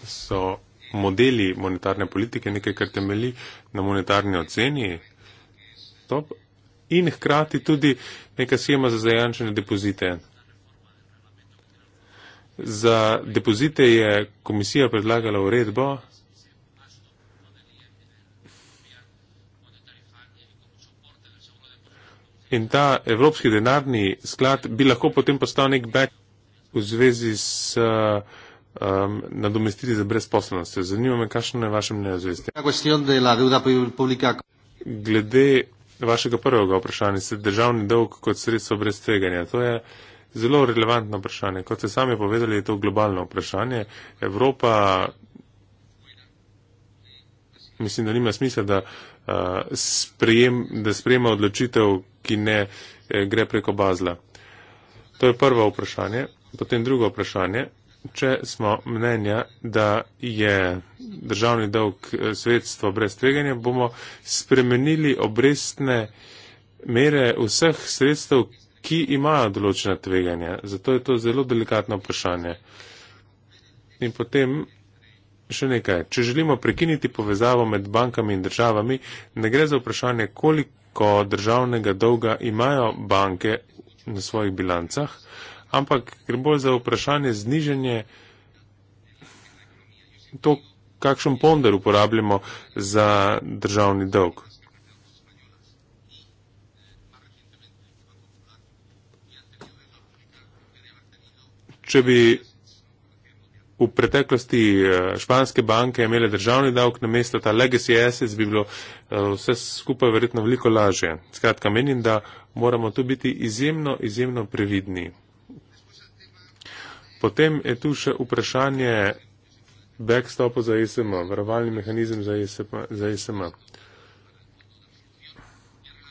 so modeli monetarne politike nekaj, kar temeli na monetarni oceni. To in hkrati tudi neka schema za zajančene depozite. Za depozite je komisija predlagala uredbo. In ta Evropski denarni sklad bi lahko potem postal nek back v zvezi s um, nadomestili za brezposobnost. Zanima me, kakšno je vaše mnenje v zvezi s tem. Glede vašega prvega vprašanja, se državni dolg kot sredstvo brez tveganja. To je zelo relevantno vprašanje. Kot ste sami povedali, je to globalno vprašanje. Evropa, mislim, da nima smisla, da, uh, sprejem, da sprejema odločitev, ki ne eh, gre preko bazla. To je prvo vprašanje. Potem drugo vprašanje. Če smo mnenja, da je državni dolg eh, sredstvo brez tveganja, bomo spremenili obrestne mere vseh sredstev, ki imajo določena tveganja. Zato je to zelo delikatno vprašanje. In potem še nekaj. Če želimo prekiniti povezavo med bankami in državami, ne gre za vprašanje, koliko državnega dolga imajo banke na svojih bilancah, ampak gre bolj za vprašanje zniženje to, kakšen ponder uporabljamo za državni dolg. Če bi v preteklosti eh, španske banke imele državni davk na mesto ta legacy assets, bi bilo eh, vse skupaj verjetno veliko lažje. Skratka, menim, da moramo tu biti izjemno, izjemno previdni. Potem je tu še vprašanje backstopu za ISM, e varovalni mehanizem za ISM. E za ISM. E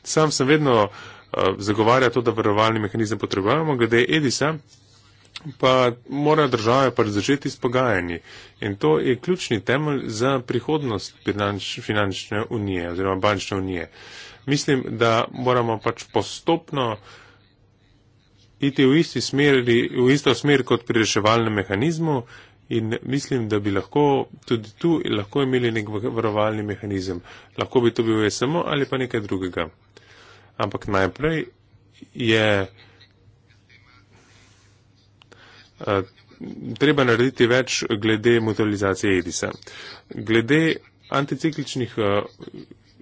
Sam sem vedno uh, zagovarjal to, da varovalni mehanizem potrebujemo, glede Edisa pa mora država pa začeti s pogajanji. In to je ključni temelj za prihodnost finanč, finančne unije oziroma bančne unije. Mislim, da moramo pač postopno uh, iti v, smer, v isto smer kot pri reševalnem mehanizmu in mislim, da bi lahko tudi tu lahko imeli nek varovalni mehanizem. Lahko bi to bil SMO ali pa nekaj drugega. Ampak najprej je a, treba narediti več glede mutualizacije edisa. Glede anticikličnih a,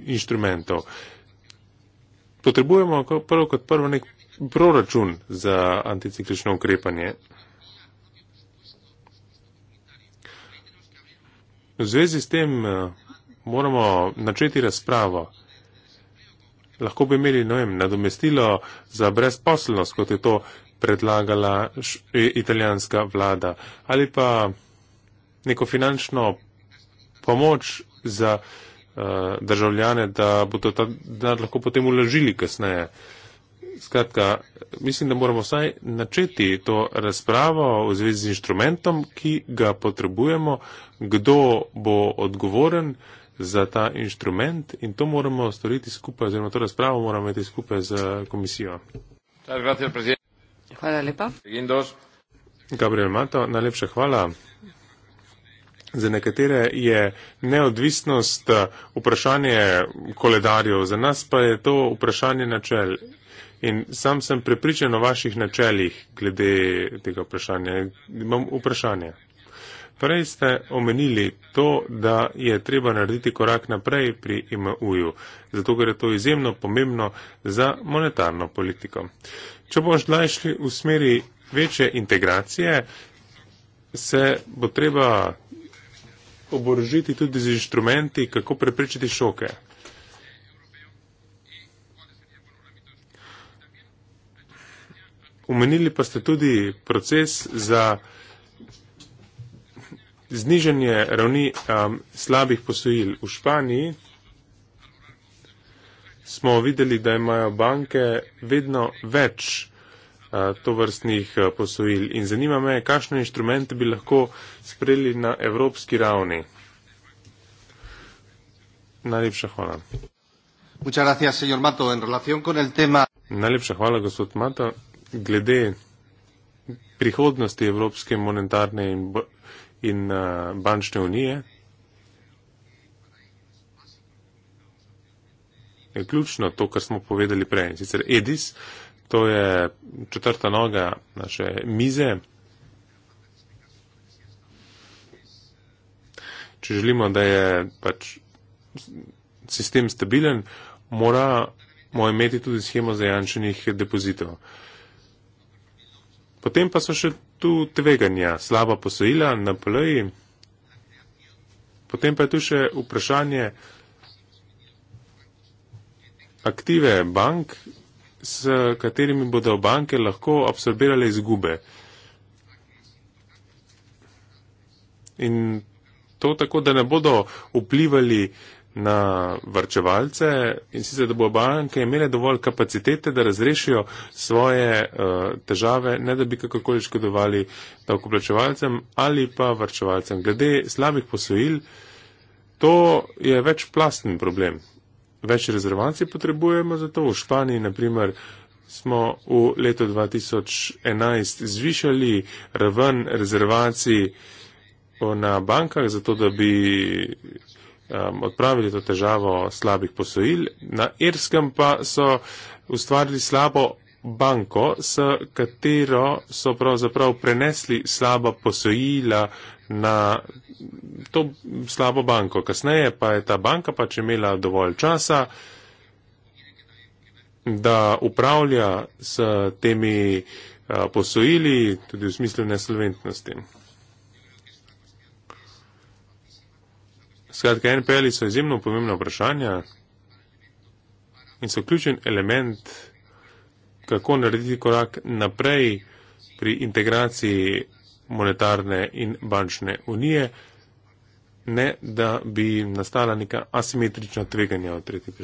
inštrumentov. Potrebujemo prvo kot prvo nek proračun za anticiklično ukrepanje. V zvezi s tem eh, moramo načeti razpravo. Lahko bi imeli vem, nadomestilo za brezposelnost, kot je to predlagala italijanska vlada, ali pa neko finančno pomoč za uh, državljane, da bodo ta denar lahko potem uložili kasneje. Uh, skratka, mislim, da moramo vsaj načeti to razpravo v zvezi z inštrumentom, ki ga potrebujemo, kdo bo odgovoren za ta inštrument in to moramo storiti skupaj, oziroma to razpravo moramo imeti skupaj z komisijo. Hvala lepa. Gabriel Mato, najlepša hvala. Za nekatere je neodvisnost eh, vprašanje koledarjev, za nas pa je to vprašanje načel. In sam sem prepričan o vaših načeljih glede tega vprašanja. Imam vprašanje. Prej ste omenili to, da je treba narediti korak naprej pri IMU-ju, zato ker je to izjemno pomembno za monetarno politiko. Če bo šla šli v smeri večje integracije, se bo treba oborožiti tudi z inštrumenti, kako preprečiti šoke. Omenili pa ste tudi proces za znižanje ravni um, slabih posojil. V Španiji smo videli, da imajo banke vedno več uh, tovrstnih uh, posojil in zanima me, kakšne inštrumente bi lahko sprejeli na evropski ravni. Najlepša hvala. Najlepša hvala, gospod Mato glede prihodnosti Evropske monetarne in, in uh, bančne unije. Je ključno to, kar smo povedali prej. Sicer EDIS, to je četrta noga naše mize. Če želimo, da je pač sistem stabilen, moramo mora imeti tudi schemo zajančenih depozitov. Uh, Potem pa so še tu tveganja, slaba posojila, napoleji. Potem pa je tu še vprašanje aktive bank, s katerimi bodo banke lahko absorbirale izgube. In to tako, da ne bodo vplivali uh, na vrčevalce in sicer, da bo banke imele dovolj kapacitete, da razrešijo svoje uh, težave, ne da bi kakorkoli škodovali davkoplačevalcem ali pa vrčevalcem. Glede slabih posojil, to je večplasten problem. Več rezervacij potrebujemo za to. V Španiji, na primer, smo v letu 2011 zvišali raven rezervacij na bankah, zato da bi um, odpravili to težavo slabih posojil. Na Irskem pa so ustvarili slabo banko, s katero so pravzaprav prenesli slaba posojila na to slabo banko. Kasneje pa je ta banka pač imela dovolj časa, da upravlja s temi uh, posojili tudi v smislu nesolventnosti. Skratka, NPL-ji so izjemno pomembna vprašanja in so ključen element, kako narediti korak naprej pri integraciji monetarne in bančne unije, ne da bi nastala neka asimetrična tveganja v tretji prihodnosti.